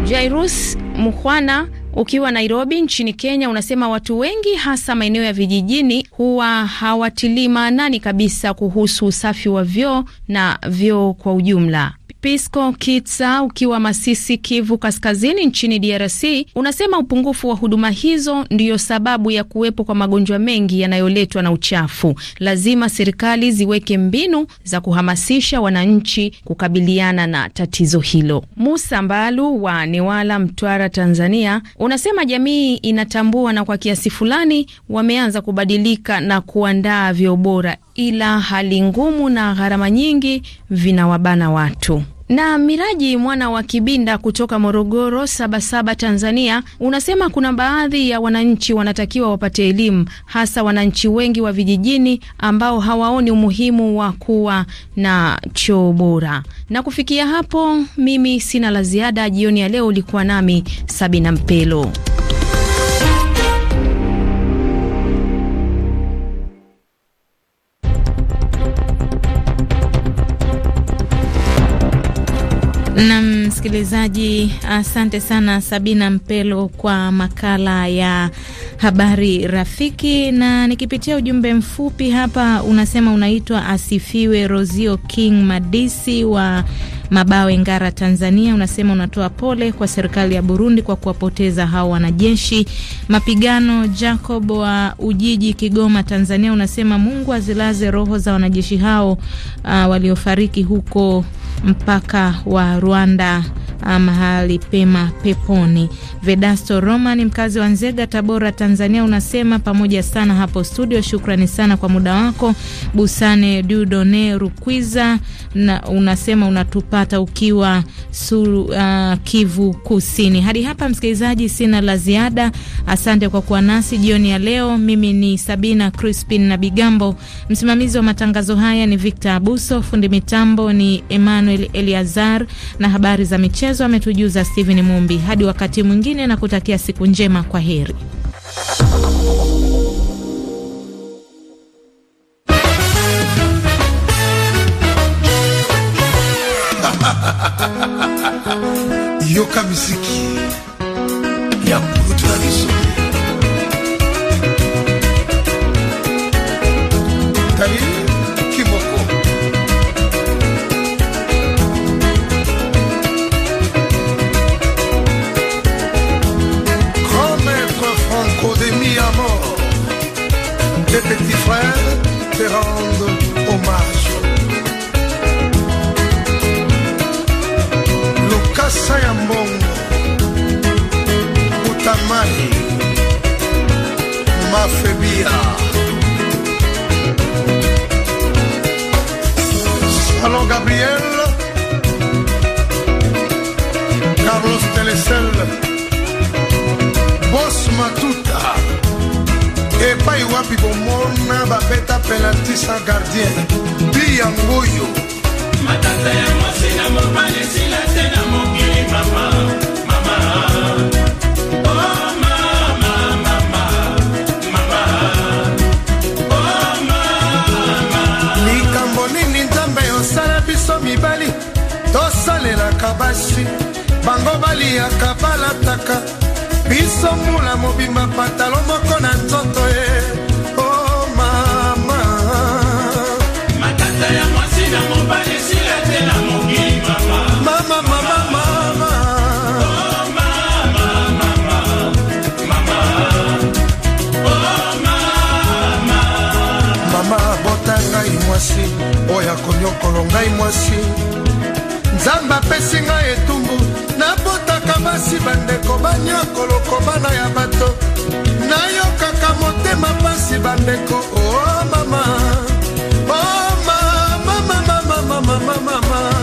Jairus Mukhwana ukiwa Nairobi nchini Kenya, unasema watu wengi hasa maeneo ya vijijini huwa hawatilii maanani kabisa kuhusu usafi wa vyoo na vyoo kwa ujumla. Pisco Kitsa ukiwa Masisi, Kivu Kaskazini nchini DRC, unasema upungufu wa huduma hizo ndiyo sababu ya kuwepo kwa magonjwa mengi yanayoletwa na uchafu. Lazima serikali ziweke mbinu za kuhamasisha wananchi kukabiliana na tatizo hilo. Musa Mbalu wa Newala, Mtwara, Tanzania, unasema jamii inatambua na kwa kiasi fulani wameanza kubadilika na kuandaa vyobora bora ila hali ngumu na gharama nyingi vinawabana watu na Miraji mwana wa Kibinda kutoka Morogoro Sabasaba, Tanzania, unasema kuna baadhi ya wananchi wanatakiwa wapate elimu, hasa wananchi wengi wa vijijini ambao hawaoni umuhimu wa kuwa na choo bora. Na kufikia hapo, mimi sina la ziada jioni ya leo. Ulikuwa nami Sabina Mpelo. Nam msikilizaji, asante sana Sabina Mpelo kwa makala ya habari rafiki. Na nikipitia ujumbe mfupi hapa, unasema unaitwa Asifiwe Rozio King Madisi wa Mabawe, Ngara, Tanzania. Unasema unatoa pole kwa serikali ya Burundi kwa kuwapoteza hao wanajeshi mapigano. Jacob wa Ujiji, Kigoma, Tanzania, unasema Mungu azilaze roho za wanajeshi hao, uh, waliofariki huko mpaka wa Rwanda kukaa mahali pema peponi. Vedasto Roman, mkazi wa Nzega, Tabora, Tanzania, unasema pamoja sana hapo studio. Shukrani sana kwa muda wako. Busane Dudone Rukwiza na unasema unatupata ukiwa suru, uh, Kivu Kusini. Hadi hapa msikilizaji, sina la ziada. Asante kwa kuwa nasi jioni ya leo. Mimi ni Sabina Crispin na Bigambo, msimamizi wa matangazo haya ni Victor Abuso, fundi mitambo ni Emmanuel Eliazar na habari za michezo ametujuza Steven Mumbi. Hadi wakati mwingine, na kutakia siku njema, kwa heri. Yoka muziki. penalti sans gardien bi yango oyo matata ya mwasi na mobali esila te na mokili oh, oh, mama mama likambo nini nzambe osala biso mibali tosalelaka basi bango baliaka balataka biso mula mobimba patalo moko bolingo ngai mwasi nzambe apesi ngai etumbu nabotaka basi bandeko banyokolo kobana ya bato nayokaka motema pasi bandeko o oh, mama oh, mamamamamamamamama mama, mama, mama.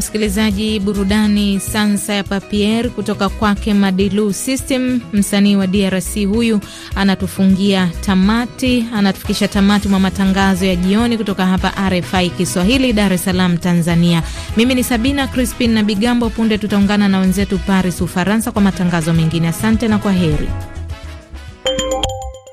msikilizaji, burudani Sansa ya Papier kutoka kwake Madilu System, msanii wa DRC. Huyu anatufungia tamati, anatufikisha tamati mwa matangazo ya jioni kutoka hapa RFI Kiswahili, Dar es Salaam, Tanzania. Mimi ni Sabina Crispin na Bigambo. Punde tutaungana na wenzetu Paris, Ufaransa, kwa matangazo mengine. Asante na kwa heri.